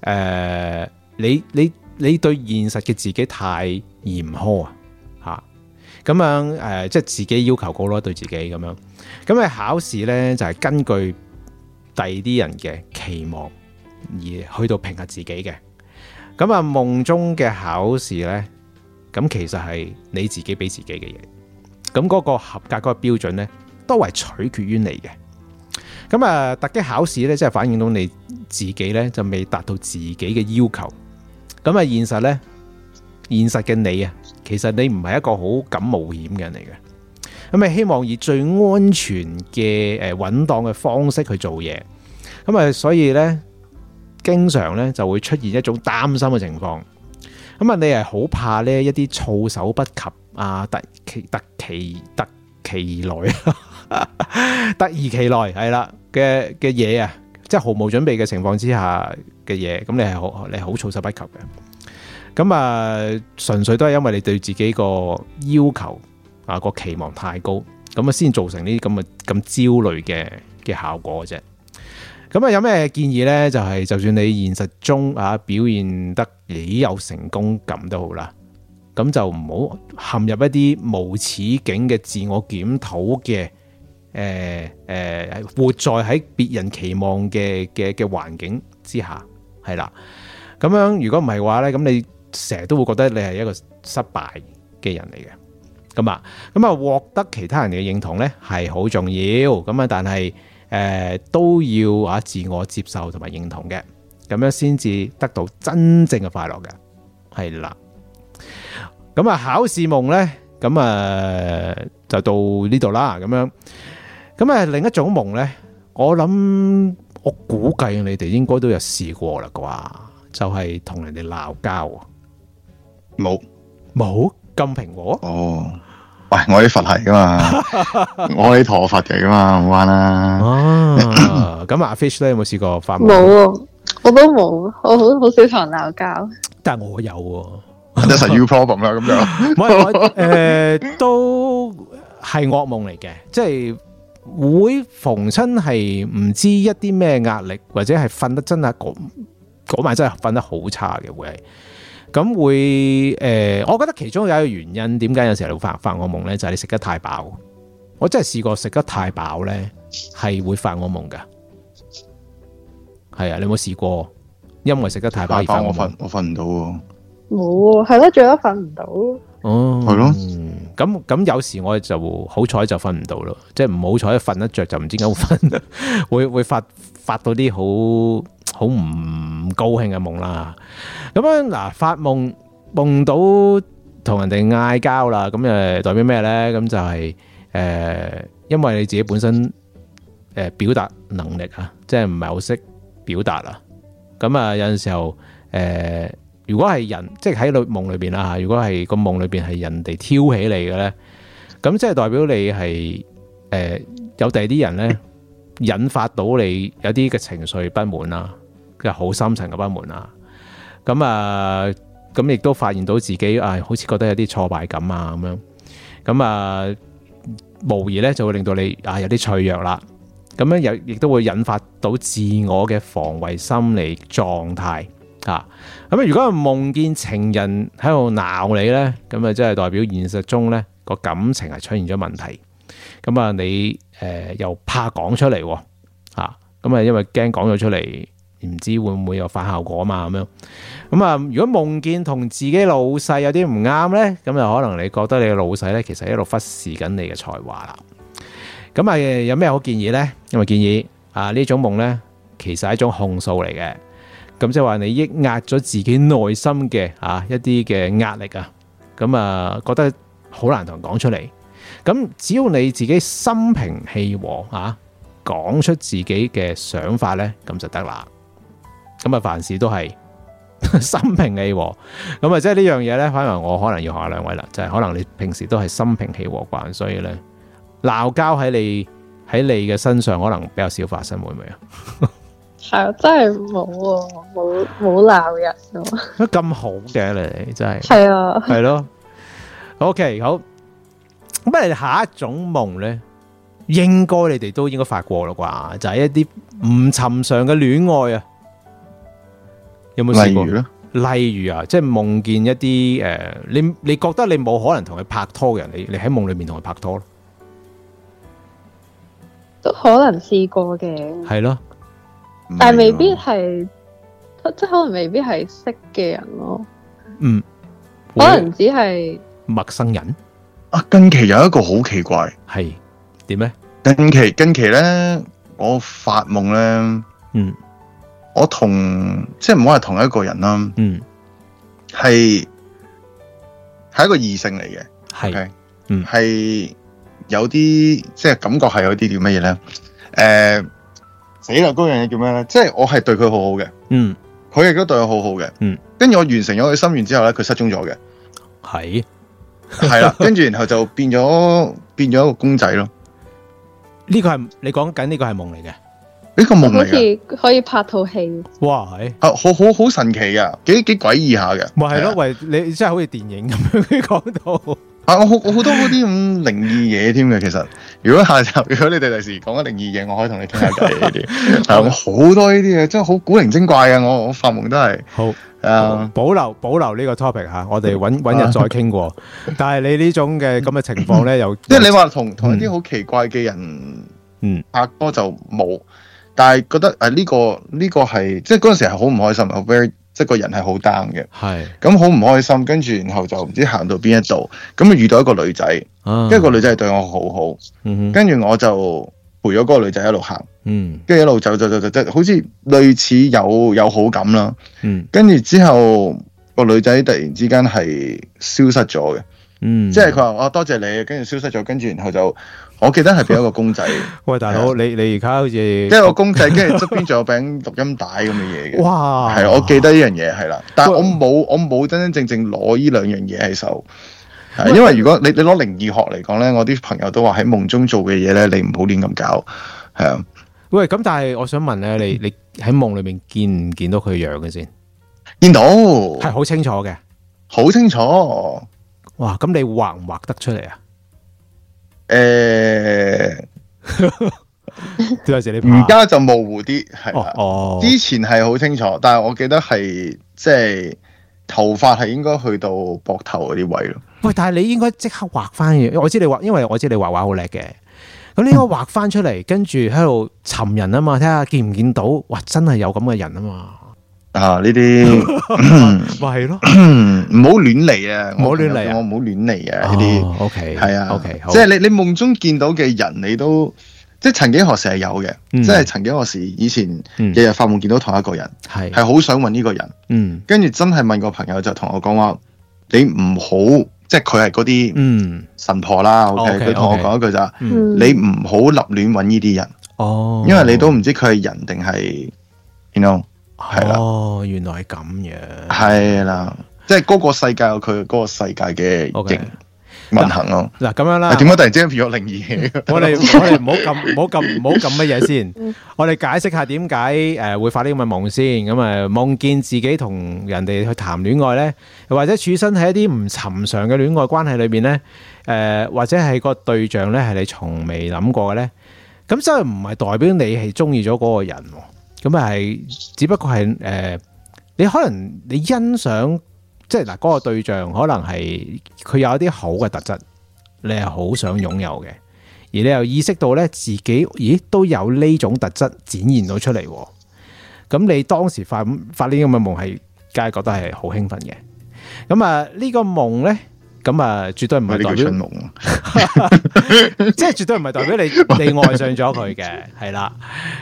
呃，你你你對現實嘅自己太嚴苛啊！咁樣誒，即係自己要求高咯，對自己咁樣。咁啊，考試呢，就係、是、根據第二啲人嘅期望而去到評核自己嘅。咁啊，夢中嘅考試呢，咁其實係你自己俾自己嘅嘢。咁嗰個合格嗰個標準呢，都係取決於你嘅。咁啊，突擊考試呢，即係反映到你自己呢，就未達到自己嘅要求。咁啊，現實呢。現實嘅你啊，其實你唔係一個好敢冒險嘅人嚟嘅，咁你希望以最安全嘅、誒穩當嘅方式去做嘢，咁啊所以呢，經常呢就會出現一種擔心嘅情況，咁啊你係好怕呢一啲措手不及啊，突其突其突其來，突如其來係啦嘅嘅嘢啊，即係毫無準備嘅情況之下嘅嘢，咁你係好你好措手不及嘅。咁啊，純粹都係因為你對自己個要求啊、個期望太高，咁啊先造成呢啲咁嘅咁焦慮嘅嘅效果啫。咁啊有咩建議呢？就係、是、就算你現實中啊表現得幾有成功感都好啦，咁就唔好陷入一啲無止境嘅自我檢討嘅，誒、欸、誒、欸，活在喺別人期望嘅嘅嘅環境之下，係啦。咁樣如果唔係嘅話呢咁你。成日都會覺得你係一個失敗嘅人嚟嘅，咁啊，咁啊，獲得其他人嘅認同呢係好重要，咁啊，但係誒、呃，都要啊自我接受同埋認同嘅，咁樣先至得到真正嘅快樂嘅，係啦。咁啊，考試夢呢，咁啊就到呢度啦，咁樣。咁啊，另一種夢呢，我諗我估計你哋應該都有試過啦啩，就係、是、同人哋鬧交。冇冇咁平和哦！喂，我啲佛係噶嘛， 我啲陀佛嚟噶嘛，唔玩啦、啊！咁、啊 啊、阿 Fish 咧有冇試過發夢？冇哦、啊，我都冇，我好好少同人鬧交。但係我有，that’s your problem 啦咁樣。唔 係，誒、呃，都係噩夢嚟嘅，即、就、係、是、會逢親係唔知一啲咩壓力，或者係瞓得真係嗰晚真係瞓得好差嘅會。咁會誒、呃，我覺得其中有一個原因，點解有時候你會發發惡夢咧，就係、是、你食得太飽。我真係試過食得太飽咧，係會發惡夢噶。係啊，你有冇試過？因為食得太飽而發惡夢，我瞓我瞓唔到喎。冇啊，係咯，最後都瞓唔到。哦，係咯。咁、嗯、咁有時我就好彩就瞓唔到咯，即係唔好彩瞓得着就唔知點解會瞓， 會會發發到啲好。好唔高興嘅夢啦，咁樣嗱，發夢夢到同人哋嗌交啦，咁誒代表咩咧？咁就係、是、誒、呃，因為你自己本身誒表達能力啊，即係唔係好識表達啦。咁啊有陣時候誒、呃，如果係人即係喺夢裏邊啦吓，如果係個夢裏邊係人哋挑起你嘅咧，咁即係代表你係誒、呃、有第二啲人咧，引發到你有啲嘅情緒不滿啦。嘅好深層嘅不滿啊，咁啊，咁亦都發現到自己啊、哎，好似覺得有啲挫敗感啊，咁樣咁啊，無疑咧就會令到你啊有啲脆弱啦。咁樣有亦都會引發到自我嘅防衛心理狀態啊。咁啊，如果係夢見情人喺度鬧你咧，咁啊，即係代表現實中咧、個感情係出現咗問題。咁、呃、啊，你誒又怕講出嚟啊？咁啊，因為驚講咗出嚟。唔知會唔會有反效果嘛？咁樣咁啊。如果夢見同自己老細有啲唔啱呢，咁就可能你覺得你嘅老細呢，其實一路忽視緊你嘅才華啦。咁啊，有咩好建議呢？因為建議啊，呢種夢呢，其實係一種控訴嚟嘅。咁即係話你抑壓咗自己內心嘅啊一啲嘅壓力啊，咁啊覺得好難同人講出嚟。咁只要你自己心平氣和啊，講出自己嘅想法呢，咁就得啦。咁啊，凡事都係 心平氣和，咁啊，即係呢樣嘢咧，反而我可能要學下兩位啦，就係、是、可能你平時都係心平氣和慣，所以咧鬧交喺你喺你嘅身上可能比較少發生，會唔會啊？係 啊 真係冇啊，冇冇鬧人啊！咁好嘅，你哋真係係啊，係咯。OK 好，咁你下一種夢咧，應該你哋都應該發過啦啩，就係、是、一啲唔尋常嘅戀愛啊。有冇試過？例如咧？例如啊，即係夢見一啲誒、呃，你你覺得你冇可能同佢拍拖嘅人，你你喺夢裏面同佢拍拖咯，都可能試過嘅。係咯、啊，但係未必係，即係可能未必係識嘅人咯、啊。嗯，可能只係陌生人啊。近期有一個好奇怪，係點咧？近期近期咧，我發夢咧，嗯。我同即係唔好係同一個人啦，嗯，係係一個異性嚟嘅，係、okay? 嗯呃，嗯，係有啲即係感覺係有啲叫乜嘢咧？誒，死啦！嗰樣嘢叫咩咧？即係我係對佢好好嘅，嗯，佢亦都對我好好嘅，嗯。跟住我完成咗佢心願之後咧，佢失蹤咗嘅，係係啦。跟住 然後就變咗變咗一個公仔咯。呢個係你講緊呢個係夢嚟嘅。呢個夢嚟噶，好似可以拍套戲。哇，係、啊，好，好，好神奇噶，幾幾詭異下嘅。咪係咯，喂，你真係好似電影咁樣講到。啊，我好，我 好多啲咁靈異嘢添嘅，其實。如果下集，如果你哋第時講緊靈異嘢，我可以同你傾下偈呢啲。係、 啊、好多呢啲嘢，真係好古靈精怪啊！我我發夢都係。好，誒、啊，保留保留呢個 topic 吓、啊，我哋搵搵日再傾過。啊、但係你呢種嘅咁嘅情況咧，又即係你話同同一啲好奇怪嘅人，嗯，拍拖就冇。嗯但係覺得誒呢、啊呢個呢、呢個係即係嗰陣時係好唔開心 very 即係個人係好 down 嘅。咁好唔開心，跟住然後就唔知行到邊一度，咁啊遇到一個女仔，跟、啊、住個女仔對對我好好，跟、嗯、住我就陪咗嗰個女仔一路行，嗯，跟住一路走走走走走，好似類似有有好感啦。嗯，跟住之後，嗰個女仔突然之間係消失咗嘅，嗯，即係佢話多謝你，跟住消失咗，跟住然後就。我記得係俾一個公仔，喂，大佬，你你而家好似即係個公仔，跟住側邊仲有柄錄音帶咁嘅嘢嘅，哇，係，我記得呢樣嘢係啦，但係我冇我冇真真正正攞呢兩樣嘢喺手，因為如果你你攞靈異學嚟講咧，我啲朋友都話喺夢中做嘅嘢咧，你唔好亂咁搞，係啊，喂，咁但係我想問咧，你你喺夢裏面見唔見到佢樣嘅先？見到係好清楚嘅，好清楚，哇！咁你畫唔畫得出嚟啊？誒，而家 就，就模糊啲，係啦。哦哦、之前係好清楚，但係我記得係即係頭髮係應該去到膊頭嗰啲位咯。喂，但係你應該即刻畫翻嘅。我知你畫，因為我知你畫畫好叻嘅。咁你應該畫翻出嚟，嗯、跟住喺度尋人啊嘛，睇下見唔見到？哇，真係有咁嘅人啊嘛！啊！呢啲咪係咯，唔好亂嚟啊！唔好亂嚟，我唔好亂嚟啊！呢啲 OK 係啊，OK 即係你你夢中見到嘅人，你都即係曾幾何時係有嘅，即、嗯、係、就是、曾幾何時以前日日、嗯、發夢見到同一個人，係係好想搵呢個人，嗯，跟住真係問個朋友就同我講話、嗯，你唔好即係佢係嗰啲嗯神婆啦，OK 佢、哦、同、okay, okay, 我講一句咋、嗯，你唔好立亂搵呢啲人哦，因為你都唔知佢係人定係，you know。係啦，原來係咁樣。係啦，即係嗰個世界有佢嗰個世界嘅形運行咯。嗱，咁樣啦，點解突然之間變咗靈異？我哋我哋唔好咁唔好咁唔好咁乜嘢先。我哋解釋下點解誒會發啲咁嘅夢先。咁啊夢見自己同人哋去談戀愛咧，或者處身喺一啲唔尋常嘅戀愛關係裏邊咧，誒或者係個對象咧係你從未諗過嘅咧，咁所以唔係代表你係中意咗嗰個人。咁啊，係只不過係誒、呃，你可能你欣賞即係嗱，嗰，就是那個對象可能係佢有一啲好嘅特質，你係好想擁有嘅，而你又意識到咧自己，咦都有呢種特質展現到出嚟，咁你當時發發呢咁嘅夢，係梗係覺得係好興奮嘅，咁啊，這個、夢呢個夢咧。咁啊，絕對唔係代表， 即係絕對唔係代表你你愛上咗佢嘅係啦。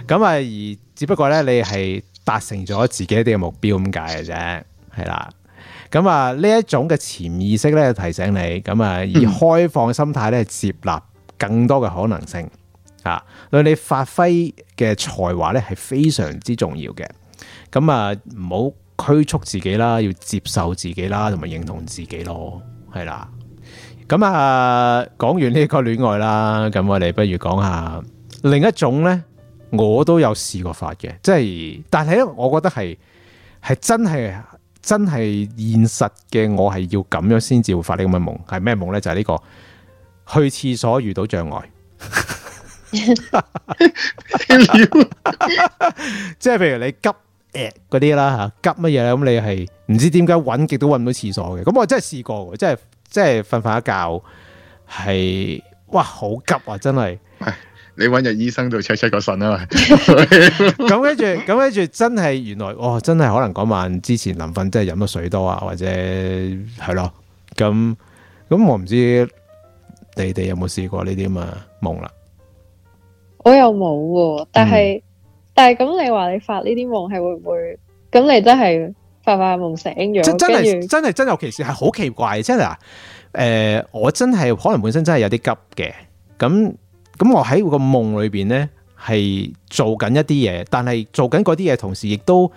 咁啊，而只不過咧，你係達成咗自己一啲嘅目標咁解嘅啫，係啦。咁啊，呢一種嘅潛意識咧，提醒你咁啊，以開放心態咧，接納更多嘅可能性、嗯、啊，對你發揮嘅才華咧，係非常之重要嘅。咁啊，唔好拘束自己啦，要接受自己啦，同埋認同自己咯。係啦，咁啊，講完呢個戀愛啦，咁我哋不如講下另一種咧，我都有試過發嘅，即係，但係咧，我覺得係係真係真係現實嘅，我係要咁樣先至會發呢咁嘅夢，係咩夢咧？就係呢個去廁所遇到障礙， 即係譬如你急。誒，嗰啲啦吓，急乜嘢咧？咁你係唔知點解搵極都搵唔到廁所嘅？咁我真係試過，即係即係瞓瞓一覺，係哇好急啊！真係，你搵日醫生度 check check 個腎啊嘛？咁跟住，咁跟住真係原來，哦，真係可能嗰晚之前臨瞓真係飲咗水多啊，或者係咯，咁咁我唔知你哋有冇試過呢啲咁嘅夢啦，我又冇、哦，但係、嗯。但係咁，你話你發呢啲夢係會唔會？咁你真係發發夢醒咗？真真係真係真有其事，係好奇怪。即係啊，誒、呃，我真係可能本身真係有啲急嘅。咁咁，我喺個夢裏邊咧，係做緊一啲嘢，但係做緊嗰啲嘢同時，亦都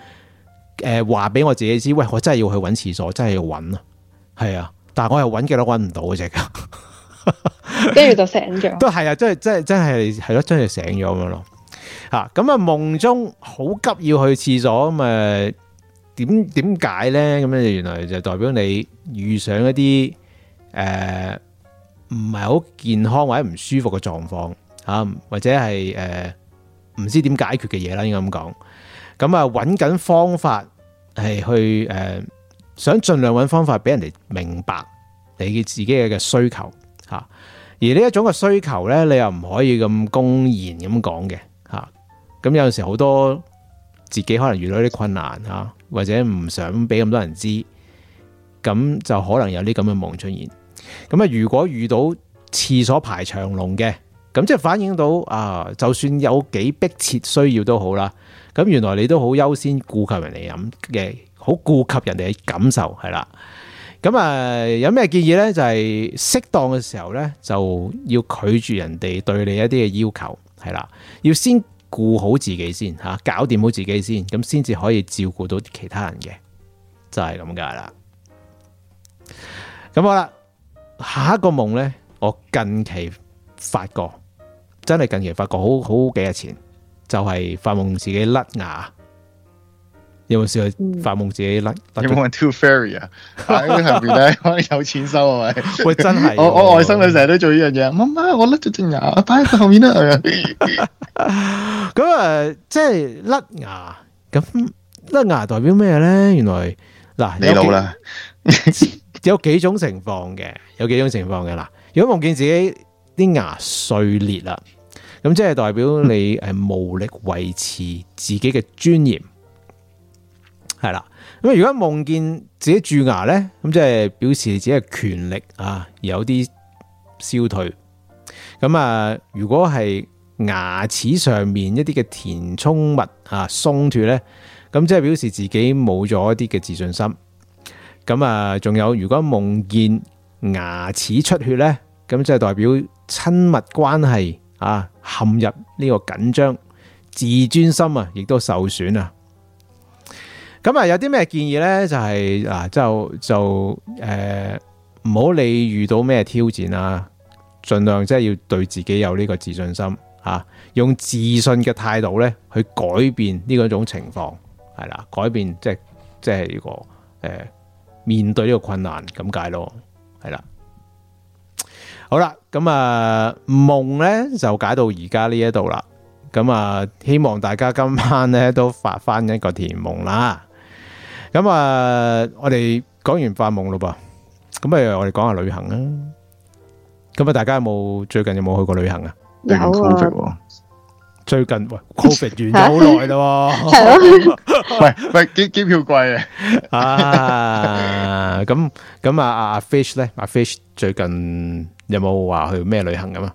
誒話俾我自己知，喂，我真係要去揾廁所，真係要揾啊。係啊，但係我又揾幾多揾唔到嘅啫。跟住就醒咗。 都係啊，真係真係真係係咯，真係醒咗咁樣咯。吓咁啊！夢中好急要去廁所咁啊，點點解咧？咁、呃、原來就代表你遇上一啲誒唔係好健康或者唔舒服嘅狀況吓，或者係誒唔知點解決嘅嘢啦。應該咁講，咁、嗯、啊，搵、嗯、緊方法係去誒、呃、想盡量搵方法俾人哋明白你自己嘅嘅需求吓、啊。而呢一種嘅需求咧，你又唔可以咁公然咁講嘅。咁有陣時好多自己可能遇到啲困難啊，或者唔想俾咁多人知，咁就可能有啲咁嘅夢出現。咁啊，如果遇到廁所排長龍嘅，咁即係反映到啊，就算有幾迫切需要都好啦。咁原來你都好優先顧及人哋飲嘅，好顧及人哋嘅感受係啦。咁啊，有咩建議呢？就係適當嘅時候呢，就要拒絕人哋對你一啲嘅要求係啦，要先。顧好自己先吓，搞掂好自己先，咁先至可以照顧到其他人嘅，就係咁解啦。咁好啦，下一個夢呢，我近期發覺，真係近期發覺，好好幾日前就係、是、發夢自己甩牙。有冇試過發夢自己甩？有冇人 tooth fairy 啊？喺個後邊咧，可能有錢收係喂，佢真係， 我 我外甥我 女成日都做呢樣嘢。媽 媽，我甩咗隻牙，擺喺個後邊啦。咁 誒， 即係甩牙，咁甩牙代表咩咧？原來嗱，你老啦， 有幾種情況嘅，有幾種情況嘅嗱。如果夢見自己啲牙碎裂啦，咁即係代表你誒無力維持自己嘅尊嚴。嗯係啦，咁如果夢見自己蛀牙咧，咁即係表示自己嘅權力啊有啲消退。咁啊，如果係牙齒上面一啲嘅填充物啊鬆脱咧，咁即係表示自己冇咗一啲嘅自信心。咁啊，仲有如果夢見牙齒出血咧，咁即係代表親密關係啊陷入呢個緊張，自尊心啊亦都受損啊。咁、就是、啊，有啲咩建議咧？就係之就就誒，唔、呃、好你遇到咩挑戰啊，盡量即係要對自己有呢個自信心吓、啊，用自信嘅態度咧去改變呢個種情況，係啦，改變即係即係一個誒、呃、面對呢個困難咁解咯，係啦，好啦，咁啊夢咧就解到而家呢一度啦，咁啊希望大家今晚咧都發翻一個甜夢啦。咁啊！我哋講完發夢咯噃。咁啊，我哋講下旅行啊。咁啊，大家有冇最近有冇去過旅行啊？有啊，最近喂，Covid 完咗好耐啦。係咯，喂喂，機機票貴啊。咁咁啊阿 Fish 咧、啊、Fish 最近有冇話去咩旅行咁啊？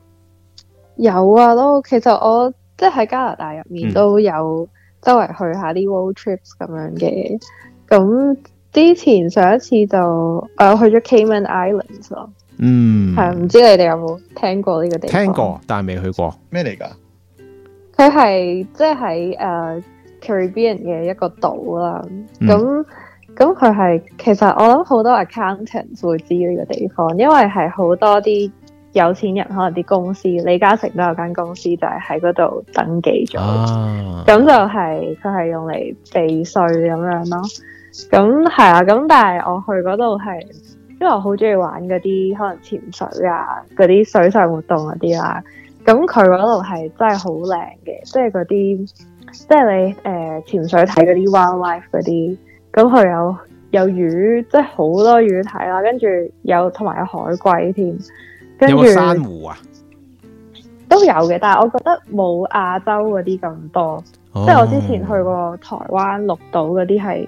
有啊，咯。其實我即係喺加拿大入面都有周圍去下啲 world trips 咁樣嘅。咁之前上一次就誒、啊、去咗 Cayman Islands 咯，嗯，係唔知你哋有冇聽過呢個地方？聽過，但係未去過咩嚟㗎？佢係即係喺 Caribbean 嘅一個島啦。咁咁佢係其實我諗好多 accountant 會知呢個地方，因為係好多啲有錢人可能啲公司，李嘉誠都有間公司就係喺嗰度登記咗。咁、啊、就係佢係用嚟避稅咁樣咯。咁係啊，咁但係我去嗰度係，因為我好中意玩嗰啲可能潛水啊，嗰啲水上活動嗰啲啦。咁佢嗰度係真係好靚嘅，即係嗰啲，即係你誒潛水睇嗰啲 wildlife 嗰啲，咁佢有有魚，即係好多魚睇啦，跟住有同埋有海龜添，跟住有珊瑚啊，都有嘅，但係我覺得冇亞洲嗰啲咁多，oh. 即係我之前去過台灣綠島嗰啲係。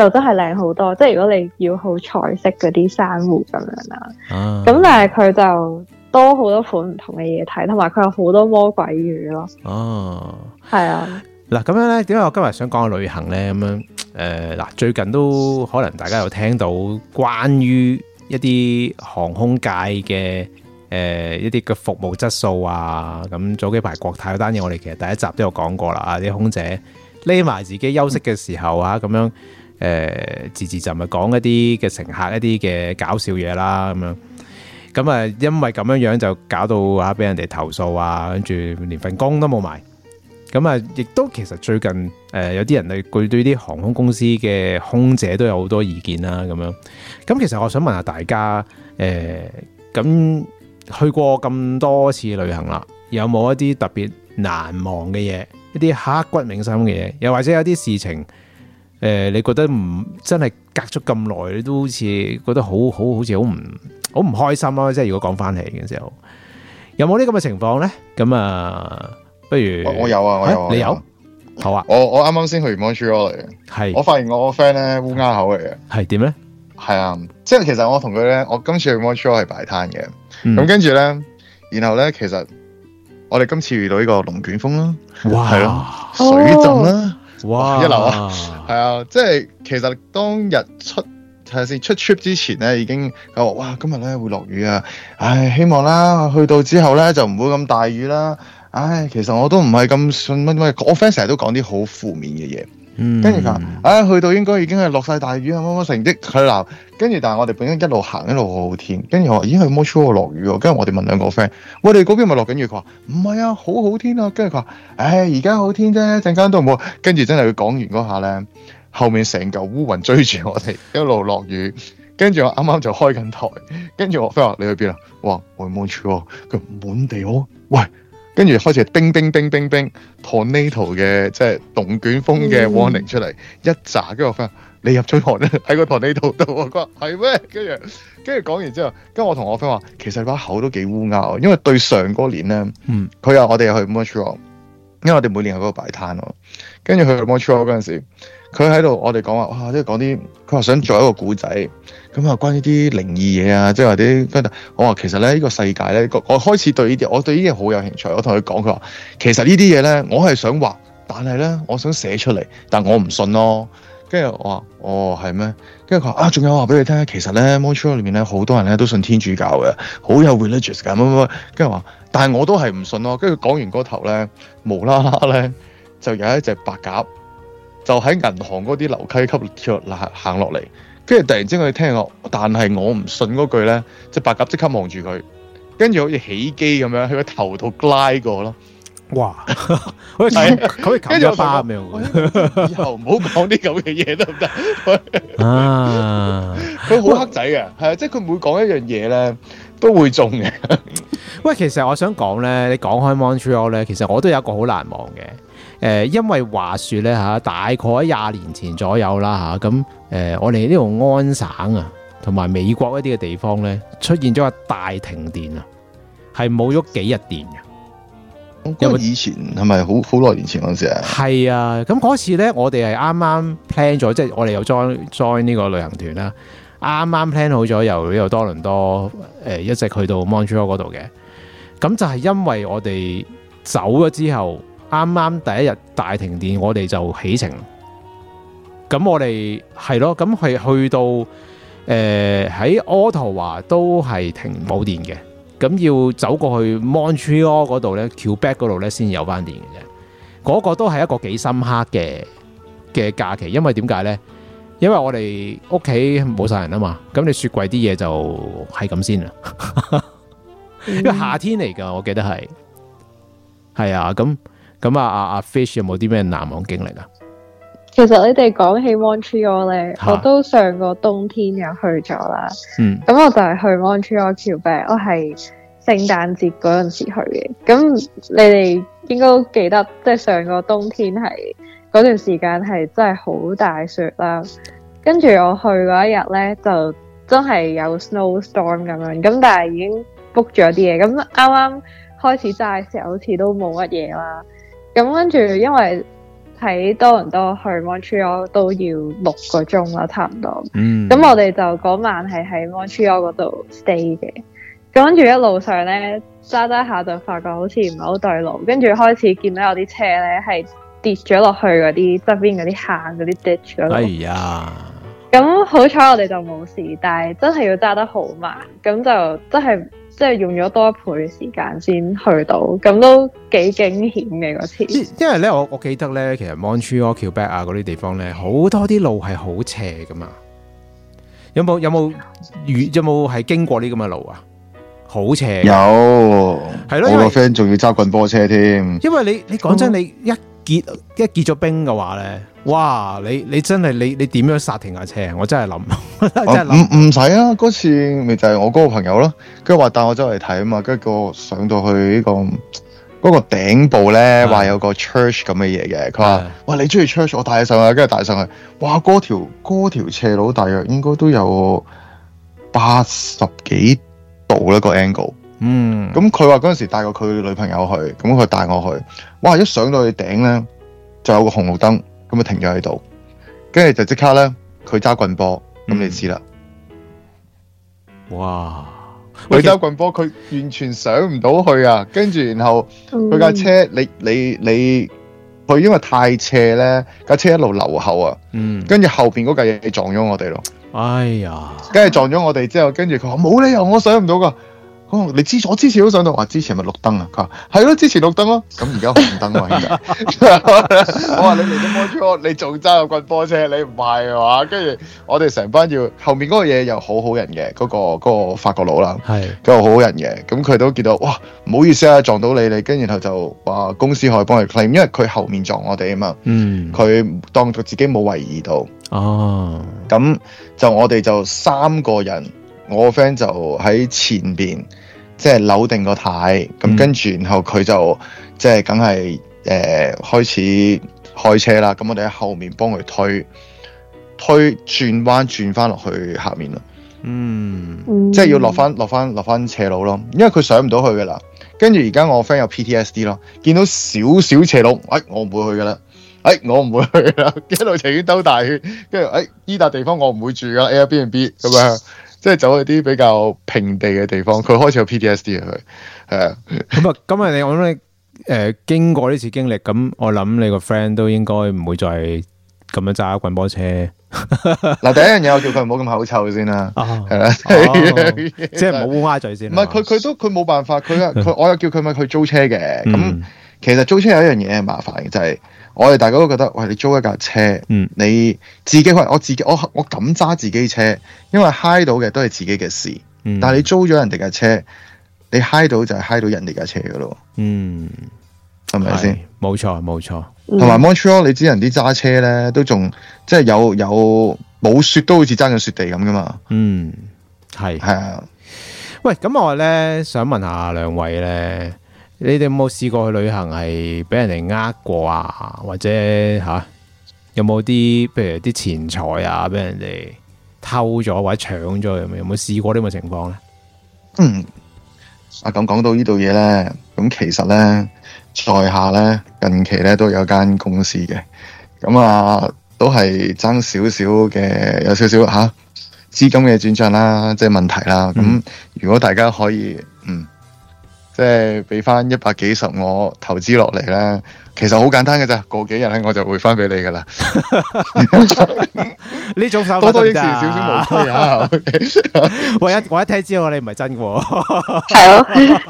就真係靚好多，即係如果你要好彩色嗰啲珊瑚咁樣啦。咁、啊、但係佢就多好多款唔同嘅嘢睇，同埋佢有好多魔鬼魚咯。哦，係啊。嗱、啊，咁樣呢，點解我今日想講下旅行呢？咁樣誒、嗱、呃，最近都可能大家有聽到關於一啲航空界嘅誒、呃、一啲嘅服務質素啊。咁早幾排國泰嗰單嘢，我哋其實第一集都有講過啦。啊，啲空姐匿埋自己休息嘅時候啊，咁、嗯、樣。誒、呃、自字就日講一啲嘅乘客一啲嘅搞笑嘢啦咁樣，咁啊，因為咁樣樣就搞到啊俾人哋投訴啊，跟住連份工都冇埋。咁啊，亦都其實最近、呃、有啲人佢對啲航空公司嘅空姐都有好多意見啦咁樣。咁其實我想問下大家咁、呃、去過咁多次旅行啦，有冇一啲特別難忘嘅嘢，一啲刻骨銘心嘅嘢，又或者有啲事情？誒、呃，你覺得唔真係隔咗咁耐，你都好似覺得好好好似好唔好唔開心啊？即係如果講翻起嘅時候，有冇呢咁嘅情況咧？咁啊，不如我有，啊，我有啊，我有，你有，有好啊！我我啱啱先去 Montreal 嚟嘅，係，我發現我個 friend 咧烏鴉口嚟嘅，係點咧？係啊，即係其實我同佢咧，我今次去 Montreal 係擺攤嘅，咁跟住咧，然後咧，其實我哋今次遇到呢個龍捲風啦、啊，係咯、啊，水浸啦、啊。Oh. 哇，一流啊！係啊，即係其實當日出頭先出 trip 之前咧，已經話：哇，今日咧會落雨啊！唉，希望啦，去到之後咧就唔會咁大雨啦。唉，其實我都唔係咁信乜乜，我 friend 成日都講啲好負面嘅嘢。嗯、跟住佢話：去到應該已經係落晒大雨，乜乜成績。佢鬧，跟住但係我哋本身一路行一路好好天。跟住我話：咦，佢冇我落雨喎、啊。跟住我哋問兩個 friend，喂，你哋嗰邊咪落緊雨？佢話：唔係啊，好好天啊。跟住佢話：唉、哎，而家好天啫、啊，陣間都唔好。跟住真係佢講完嗰下咧，後面成嚿烏雲追住我哋，一路落雨。跟住我啱啱就開緊台，跟住我 friend 話：你去邊啊？我話：我唔好喎，佢滿地好、哦。喂！跟住開始叮冰冰冰冰冰，tornado 嘅即係龍捲風嘅 warning 出嚟、嗯、一紮，跟住我 friend 你入咗學咧喺個 tornado 度，我話係咩？跟住跟住講完之後，跟住我同我 friend 話其實把口都幾烏鴉，因為對上嗰年咧，嗯，佢又我哋又去 Montreal，因為我哋每年喺嗰度擺攤咯，跟住去 Montreal 嗰陣時候。佢喺度，我哋講話即係講啲，佢、啊、話、就是、想做一個古仔，咁啊，關於啲靈異嘢啊，即係話啲，我話其實咧，呢、呢個世界咧，我開始對呢啲，我對呢啲好有興趣。我同佢講，佢話其實呢啲嘢咧，我係想畫，但係咧，我想寫出嚟，但我唔信咯。跟住我話，哦，係咩？跟住佢話啊，仲有話俾你聽，其實咧，Montreal 裏面咧，好多人咧都信天主教嘅，好有 religious 㗎，乜乜乜。跟住話，但係我都係唔信咯。跟住講完嗰頭咧，無啦啦咧，就有一隻白鴿。就喺銀行嗰啲樓梯級跳行落嚟，跟住突然之間佢聽我，但係我唔信嗰句咧，即白鴿即刻望住佢，跟住好似起機咁樣，佢個頭度拉過咯，哇！佢似佢似以後唔好講啲咁嘅嘢得唔得？啊！佢好黑仔嘅，係啊，即係佢每講一樣嘢咧都會中嘅。喂，其實我想講咧，你講開 Montreal 咧，其實我都有一個好難忘嘅。誒，因為話說咧嚇，大概喺廿年前左右啦嚇，咁誒，我哋呢度安省啊，同埋美國一啲嘅地方咧，出現咗個大停電，是沒電、那個、是是是啊，係冇咗幾日電嘅。因為以前係咪好好耐年前嗰陣時啊？係啊，咁嗰次咧，我哋係啱啱 plan 咗，即、就、係、是、我哋又 join join 呢個旅行團啦，啱啱 plan 好咗，由由多倫多誒、呃、一直去到 Montreal 嗰度嘅。咁就係因為我哋走咗之後。啱啱第一日大停電，我哋就起程。咁我哋係咯，咁係去到，誒喺 Ottawa 都係停冇電嘅。咁要走過去 Montreal 嗰度咧，Quebec 嗰度咧先有翻電嘅啫。嗰、嗰個都係一個幾深刻嘅嘅假期，因為點解咧？因為我哋屋企冇晒人啊嘛，咁你雪櫃啲嘢就係咁先啊。 因為夏天嚟噶，我記得係，係啊，咁。咁啊阿、啊、Fish 有冇啲咩難忘經歷啊？其實你哋講起 Montreal 咧、啊，我都上個冬天又去咗啦。嗯，咁我就係去 Montreal 橋嘅，我係聖誕節嗰陣時去嘅。咁你哋應該都記得，即、就、係、是、上個冬天係嗰段時間係真係好大雪啦。跟住我去嗰一日咧，就真係有 snowstorm 咁樣。咁但係已經 book 咗啲嘢，咁啱啱開始晒，時候，好似都冇乜嘢啦。咁跟住，因為喺多倫多去 Montreal 都要六個鐘啦、嗯，差唔多。咁我哋就嗰晚係喺 Montreal 嗰度 stay 嘅。咁跟住一路上咧，揸揸下就發覺好似唔係好對路，跟住開始見到有啲車咧係跌咗落去嗰啲側邊嗰啲坑嗰啲 ditch 嗰度。哎呀！咁好彩我哋就冇事，但係真係要揸得好慢，咁就真係。即係用咗多一倍嘅時間先去到，咁都幾驚險嘅嗰次。因為咧，我我記得咧，其實 Montreal、Quebec 啊嗰啲地方咧，好多啲路係好斜㗎嘛。有冇有冇遇有冇係經過呢咁嘅路啊？好斜有，係咯。我個 friend 仲要揸棍波車添。因為你你講真、哦，你一。結一結咗冰嘅話咧，哇！你你真係你你點樣剎停架車？我真係諗，真係諗。唔唔使啊！嗰次咪就係我嗰個朋友咯，跟住話帶我走嚟睇啊嘛，跟住叫我上到去呢個嗰個頂部咧，話有個 church 咁嘅嘢嘅。佢話：，哇！你中意、嗯 啊這個那個、church, church？我帶你上去。跟住帶上去。哇！嗰條嗰條斜路大約應該都有八十幾度啦，嗰個 angle。嗯，咁佢話嗰陣時帶過佢女朋友去，咁佢帶我去，哇！一上到去頂呢，就有個紅綠燈，咁佢停咗喺度，跟住就即刻呢，佢揸棍波，咁、嗯、你知啦，哇！佢揸棍波，佢完全上唔到去啊！跟住然後佢架、嗯、車，你你你，佢因為太斜呢，架車一路留後啊，嗯，跟住後邊嗰架嘢撞咗我哋咯，哎呀，跟住撞咗我哋之後，跟住佢話冇理由我上唔到噶。哦、你支持，我之前都想到話，之前咪綠燈啊？佢話係咯，之前綠燈咯，咁而家紅燈啊！ 我話你嚟咗波車，你仲揸個棍波車，你唔係啊。跟住我哋成班要，後面嗰個嘢又好好人嘅，嗰、嗰個嗰個法國佬啦，係佢好好人嘅，咁佢都見到哇，唔好意思啊，撞到你你，跟住然後就話公司可以幫佢 claim，因為佢後面撞我哋啊嘛，嗯，佢當作自己冇違疑到。哦、啊，咁就我哋就三個人，我 friend 就喺前邊。即係扭定個呔，咁跟住然後佢就、嗯、即係梗係誒開始開車啦。咁我哋喺後面幫佢推推轉彎，轉翻落去下面咯。嗯，即係要落翻落翻落翻斜路咯，因為佢上唔到去㗎啦。跟住而家我 friend 有 PTSD 咯，見到少少斜路，哎，我唔會去㗎啦。哎，我唔會去啦， 一路情願兜大圈，跟住哎，依笪地方我唔會住噶啦 Airbnb 咁樣。 即係走去啲比較平地嘅地方，佢開始有 PTSD 啊！佢係啊，咁啊，咁啊，你我諗，誒，經過呢次經歷，咁我諗你個 friend 都應該唔會再咁樣揸滾波車。嗱， 第一樣嘢我叫佢唔好咁口臭先啦，係、哦、啦，的哦、 即係唔好烏鴉嘴先。唔係，佢佢都佢冇辦法，佢佢，他 我又叫佢咪佢租車嘅。咁、嗯、其實租車有一樣嘢係麻煩嘅，就係、是。我哋大家都覺得，喂、哎，你租一架車，你自己，我我自己，我我敢揸自己車，因為揩到嘅都係自己嘅事。嗯、但係你租咗人哋架車，你揩到就係揩到人哋架車㗎咯。嗯，係咪先？冇錯冇錯。同埋、嗯、Montreal，你知人啲揸車咧都仲即係有有冇雪都好似揸緊雪地咁噶嘛。嗯，係係啊。喂，咁我咧想問下兩位咧。你哋有冇試過去旅行係俾人哋呃過啊？或者吓、啊、有冇啲譬如啲錢財啊俾人哋偷咗或者搶咗有冇？有冇試過呢個情況咧？嗯，啊咁講到呢度嘢咧，咁其實咧，在下咧近期咧都有間公司嘅，咁啊都係爭少少嘅，有少少吓資金嘅轉賬啦，即係問題啦。咁、嗯、如果大家可以。即係俾翻一百幾十我投資落嚟咧，其實好簡單嘅咋，過幾日咧我就會翻俾你噶啦。呢 種手法， 多多益 X2 少少無拘啊！我 一 我一聽知道你唔係真個。係咯。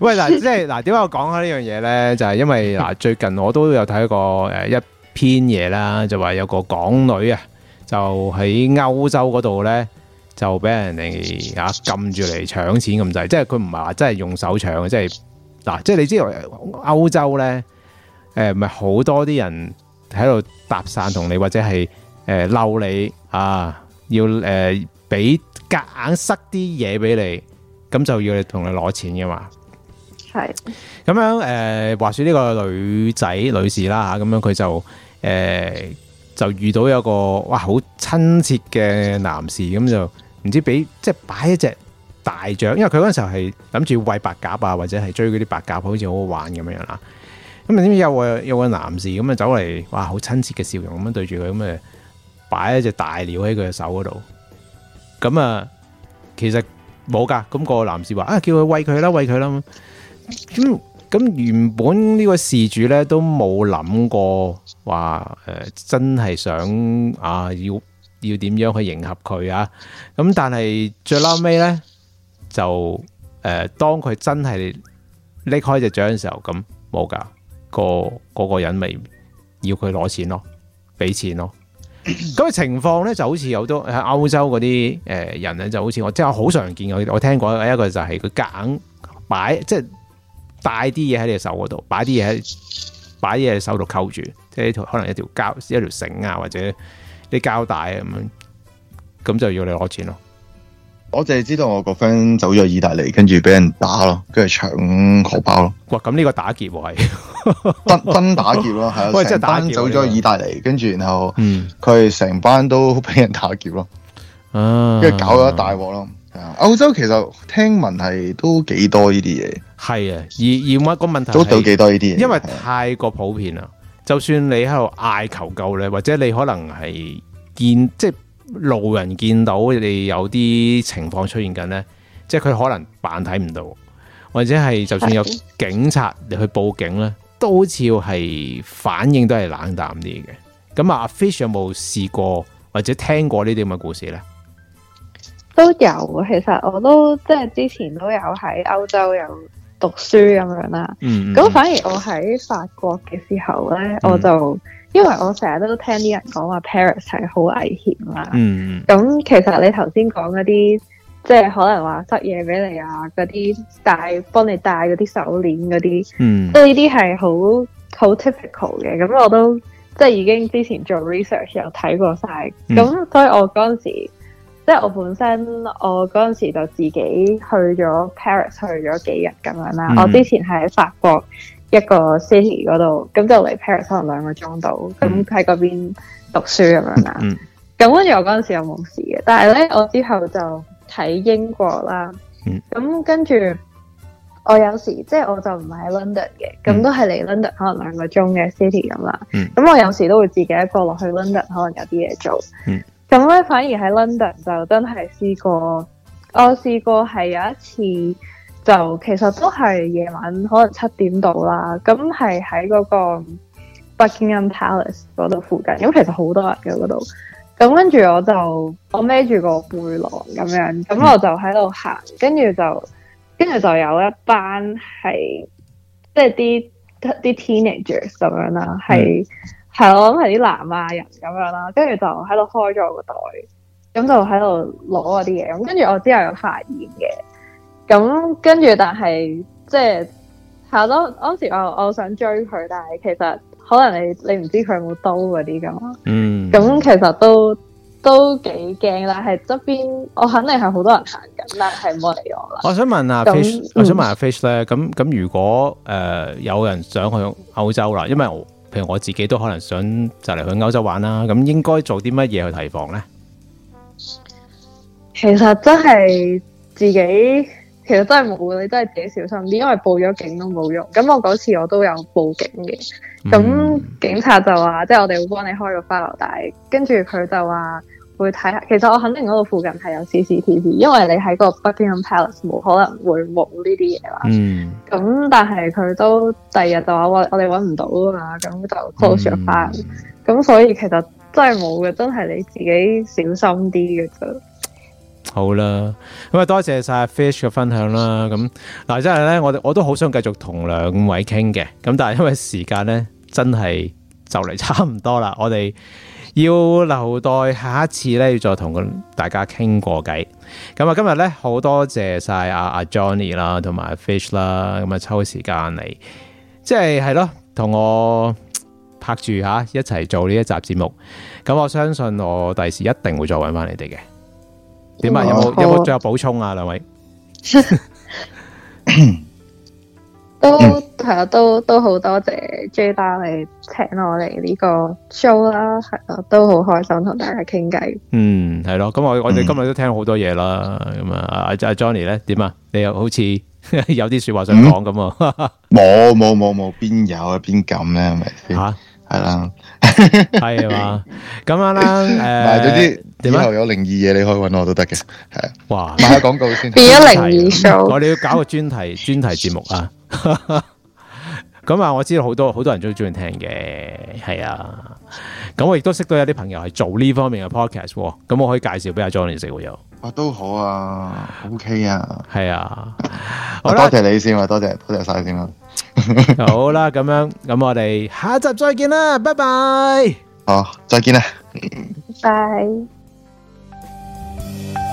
喂，嗱，即係嗱，點解我講下呢樣嘢咧？就係、是、因為嗱，最近我都有睇過一誒一篇嘢啦，就話有個港女啊，就喺歐洲嗰度咧。就俾人哋啊，撳住嚟搶錢咁滯，即係佢唔係話真係用手搶嘅，即係嗱，即係你知道，歐洲咧，咪唔係好多啲人喺度搭訕同你，或者係誒嬲你啊，要誒俾、呃、夾硬塞啲嘢俾你，咁就要你同你攞錢嘅嘛。係咁樣誒、呃，話說呢個女仔女士啦嚇，咁、啊、樣佢就誒、呃、就遇到有個哇好親切嘅男士，咁就～唔知俾即係擺一隻大雀，因為佢嗰陣時候係諗住餵白鴿啊，或者係追嗰啲白鴿，好似好好玩咁樣啦。咁點知有啊有個男士咁啊走嚟，哇好親切嘅笑容咁樣對住佢，咁啊擺一隻大鳥喺佢嘅手嗰度。咁啊，其實冇噶。咁、個男士話：啊，叫佢餵佢啦，餵佢啦。咁、嗯、咁原本呢個事主咧，都冇諗過話誒、呃，真係想啊要。要點樣去迎合佢啊？咁但係最撈尾咧，就誒、呃，當佢真係拎開隻掌嘅時候，咁冇噶，嗰個、嗰個人咪要佢攞錢咯，俾錢咯。咁、嗰、嘅、個、情況咧就好似好多喺歐洲嗰啲誒人啊，就好似、呃、我即係好常見，我聽過一個就係佢硬擺，即係帶啲嘢喺你手嗰度，擺啲嘢喺擺嘢喺手度扣住，即係可能一條膠一條繩啊或者。啲交帶啊咁樣，咁就要你攞錢咯。我淨係知道我個 friend 走咗意大利，跟住俾人打咯，跟住搶荷包咯。哇，咁呢個打劫係， 真真打劫咯，係成班走咗意大利，跟住然後，嗯，佢成班都俾人打劫咯，跟住搞咗大鑊咯。歐洲其實聽聞係都幾多呢啲嘢，係啊，而而每一個問題都幾多呢啲嘢，因為太過普遍啦。就算你喺度嗌求救咧，或者你可能係見即係路人見到你有啲情況出現緊咧，即係佢可能扮睇唔到，或者係就算有警察你去報警咧，都好似係反應都係冷淡啲嘅。咁啊，Fish 有冇試過或者聽過呢啲咁嘅故事咧？都有，其實我都即係之前都有喺歐洲有。讀書咁樣啦，咁、嗯、反而我喺法國嘅時候咧，嗯，我就因為我成日都聽啲人講話 Paris 係好危險啦。咁、嗯、其實你頭先講嗰啲，即係可能話塞嘢俾你啊，嗰啲帶幫你帶嗰啲手鏈嗰啲，嗯，即係呢啲係好好 typical 嘅。咁我都即係已經之前做 research 有睇過晒。咁、嗯、所以我嗰陣時。即係我本身，我嗰陣時就自己去咗 Paris，去咗幾日咁樣啦、嗯。我之前係喺法國一個 city 嗰度，咁就嚟 Paris 可能兩個鐘度，咁喺嗰邊讀書咁樣啦。咁跟住我嗰陣時又冇事嘅，但係咧我之後就睇英國啦。咁、嗯、跟住我有時即係、就是、我就唔係喺 London 嘅，咁都係嚟 London 可能兩個鐘嘅 city 咁啦。咁我有時都會自己一個落去 London，可能有啲嘢做。嗯咁咧，反而喺 London 就真係試過，我試過係有一次就，就其實都係夜晚，可能七點到啦。咁係喺嗰個 Buckingham Palace 嗰度附近，因為其實好多人嘅嗰度。咁跟住我就我孭住個背囊咁樣，咁我就喺度行，跟住就跟住就有一班係即係啲啲 teenagers 咁樣啦，係。嗯係我諗係啲南亞人咁樣啦，跟住就喺度開咗個袋，咁就喺度攞嗰啲嘢，咁跟住我之後有發現嘅，咁跟住但係即係，係咯，當時我我想追佢，但係其實可能你你唔知佢有冇刀嗰啲咁，嗯，咁其實都都幾驚，但係側邊我肯定係好多人行緊，但係唔好理我啦。我想問阿 Fish，我想問阿 Fish 咧，咁、嗯、咁如果誒、呃、有人想去歐洲啦、嗯，因為我。我自己都可能想就嚟去歐洲玩啦，咁應該做啲乜嘢去提防呢？其實真係自己，其實真係冇，你真係自己小心啲，因為報咗警都冇用。咁我嗰次我都有報警嘅，咁、嗯、警察就話，即係我哋會幫你開個花柳帶，跟住佢就話。會睇下，其實我肯定嗰度附近係有 CCTV，因為你喺個 Buckingham Palace 冇可能會冇呢啲嘢啦。咁、嗯、但係佢都第二日就話我，我哋搵唔到啊嘛，咁就 close 翻。咁、嗯、所以其實真係冇嘅，真係你自己小心啲嘅啫。好啦，咁啊多謝晒 Fish 嘅分享啦。咁嗱，真係咧，我，我都好想繼續同兩位傾嘅，咁但係因為時間咧真係。就嚟差唔多啦，我哋要留待下一次咧，要再同大家傾過偈。咁啊，今日咧好多謝晒阿阿 Johnny 啦，同埋 Fish 啦，咁啊抽時間嚟，即係係咯，同我拍住吓一齊做呢一集節目。咁我相信我第時一定會再搵翻你哋嘅。點啊？有冇有冇最後補充啊？兩位？ 都係啊，都都好多謝 J 大嚟請我嚟呢個 show 啦，係啊，都好開心同大家傾偈。嗯，係咯，咁我我、嗯、我哋今日都聽好多嘢啦。咁、嗯、啊，阿阿 Johnny 咧點、嗯、 啊？你又好似有啲說話想講咁啊？冇冇冇冇邊有啊？邊咁咧？係咪吓，係啦，係嘛？咁樣啦，誒，嗱，嗰啲之後有靈異嘢，你可以搵我都得嘅。係哇，賣下廣告先，變咗靈異 show。我哋要搞個專題專 題節目啊！咁啊，我知道好多好多人都中意聽嘅，係啊。咁我亦都識到有啲朋友係做呢方面嘅 podcast，咁、啊、我可以介紹俾阿 Johnny，食會有。啊，都好啊，OK 啊，係啊。我多謝你先啊，多謝多謝晒先啊。 好啦，咁樣，咁我哋下一集再見啦，拜拜。好，再見啦，拜拜。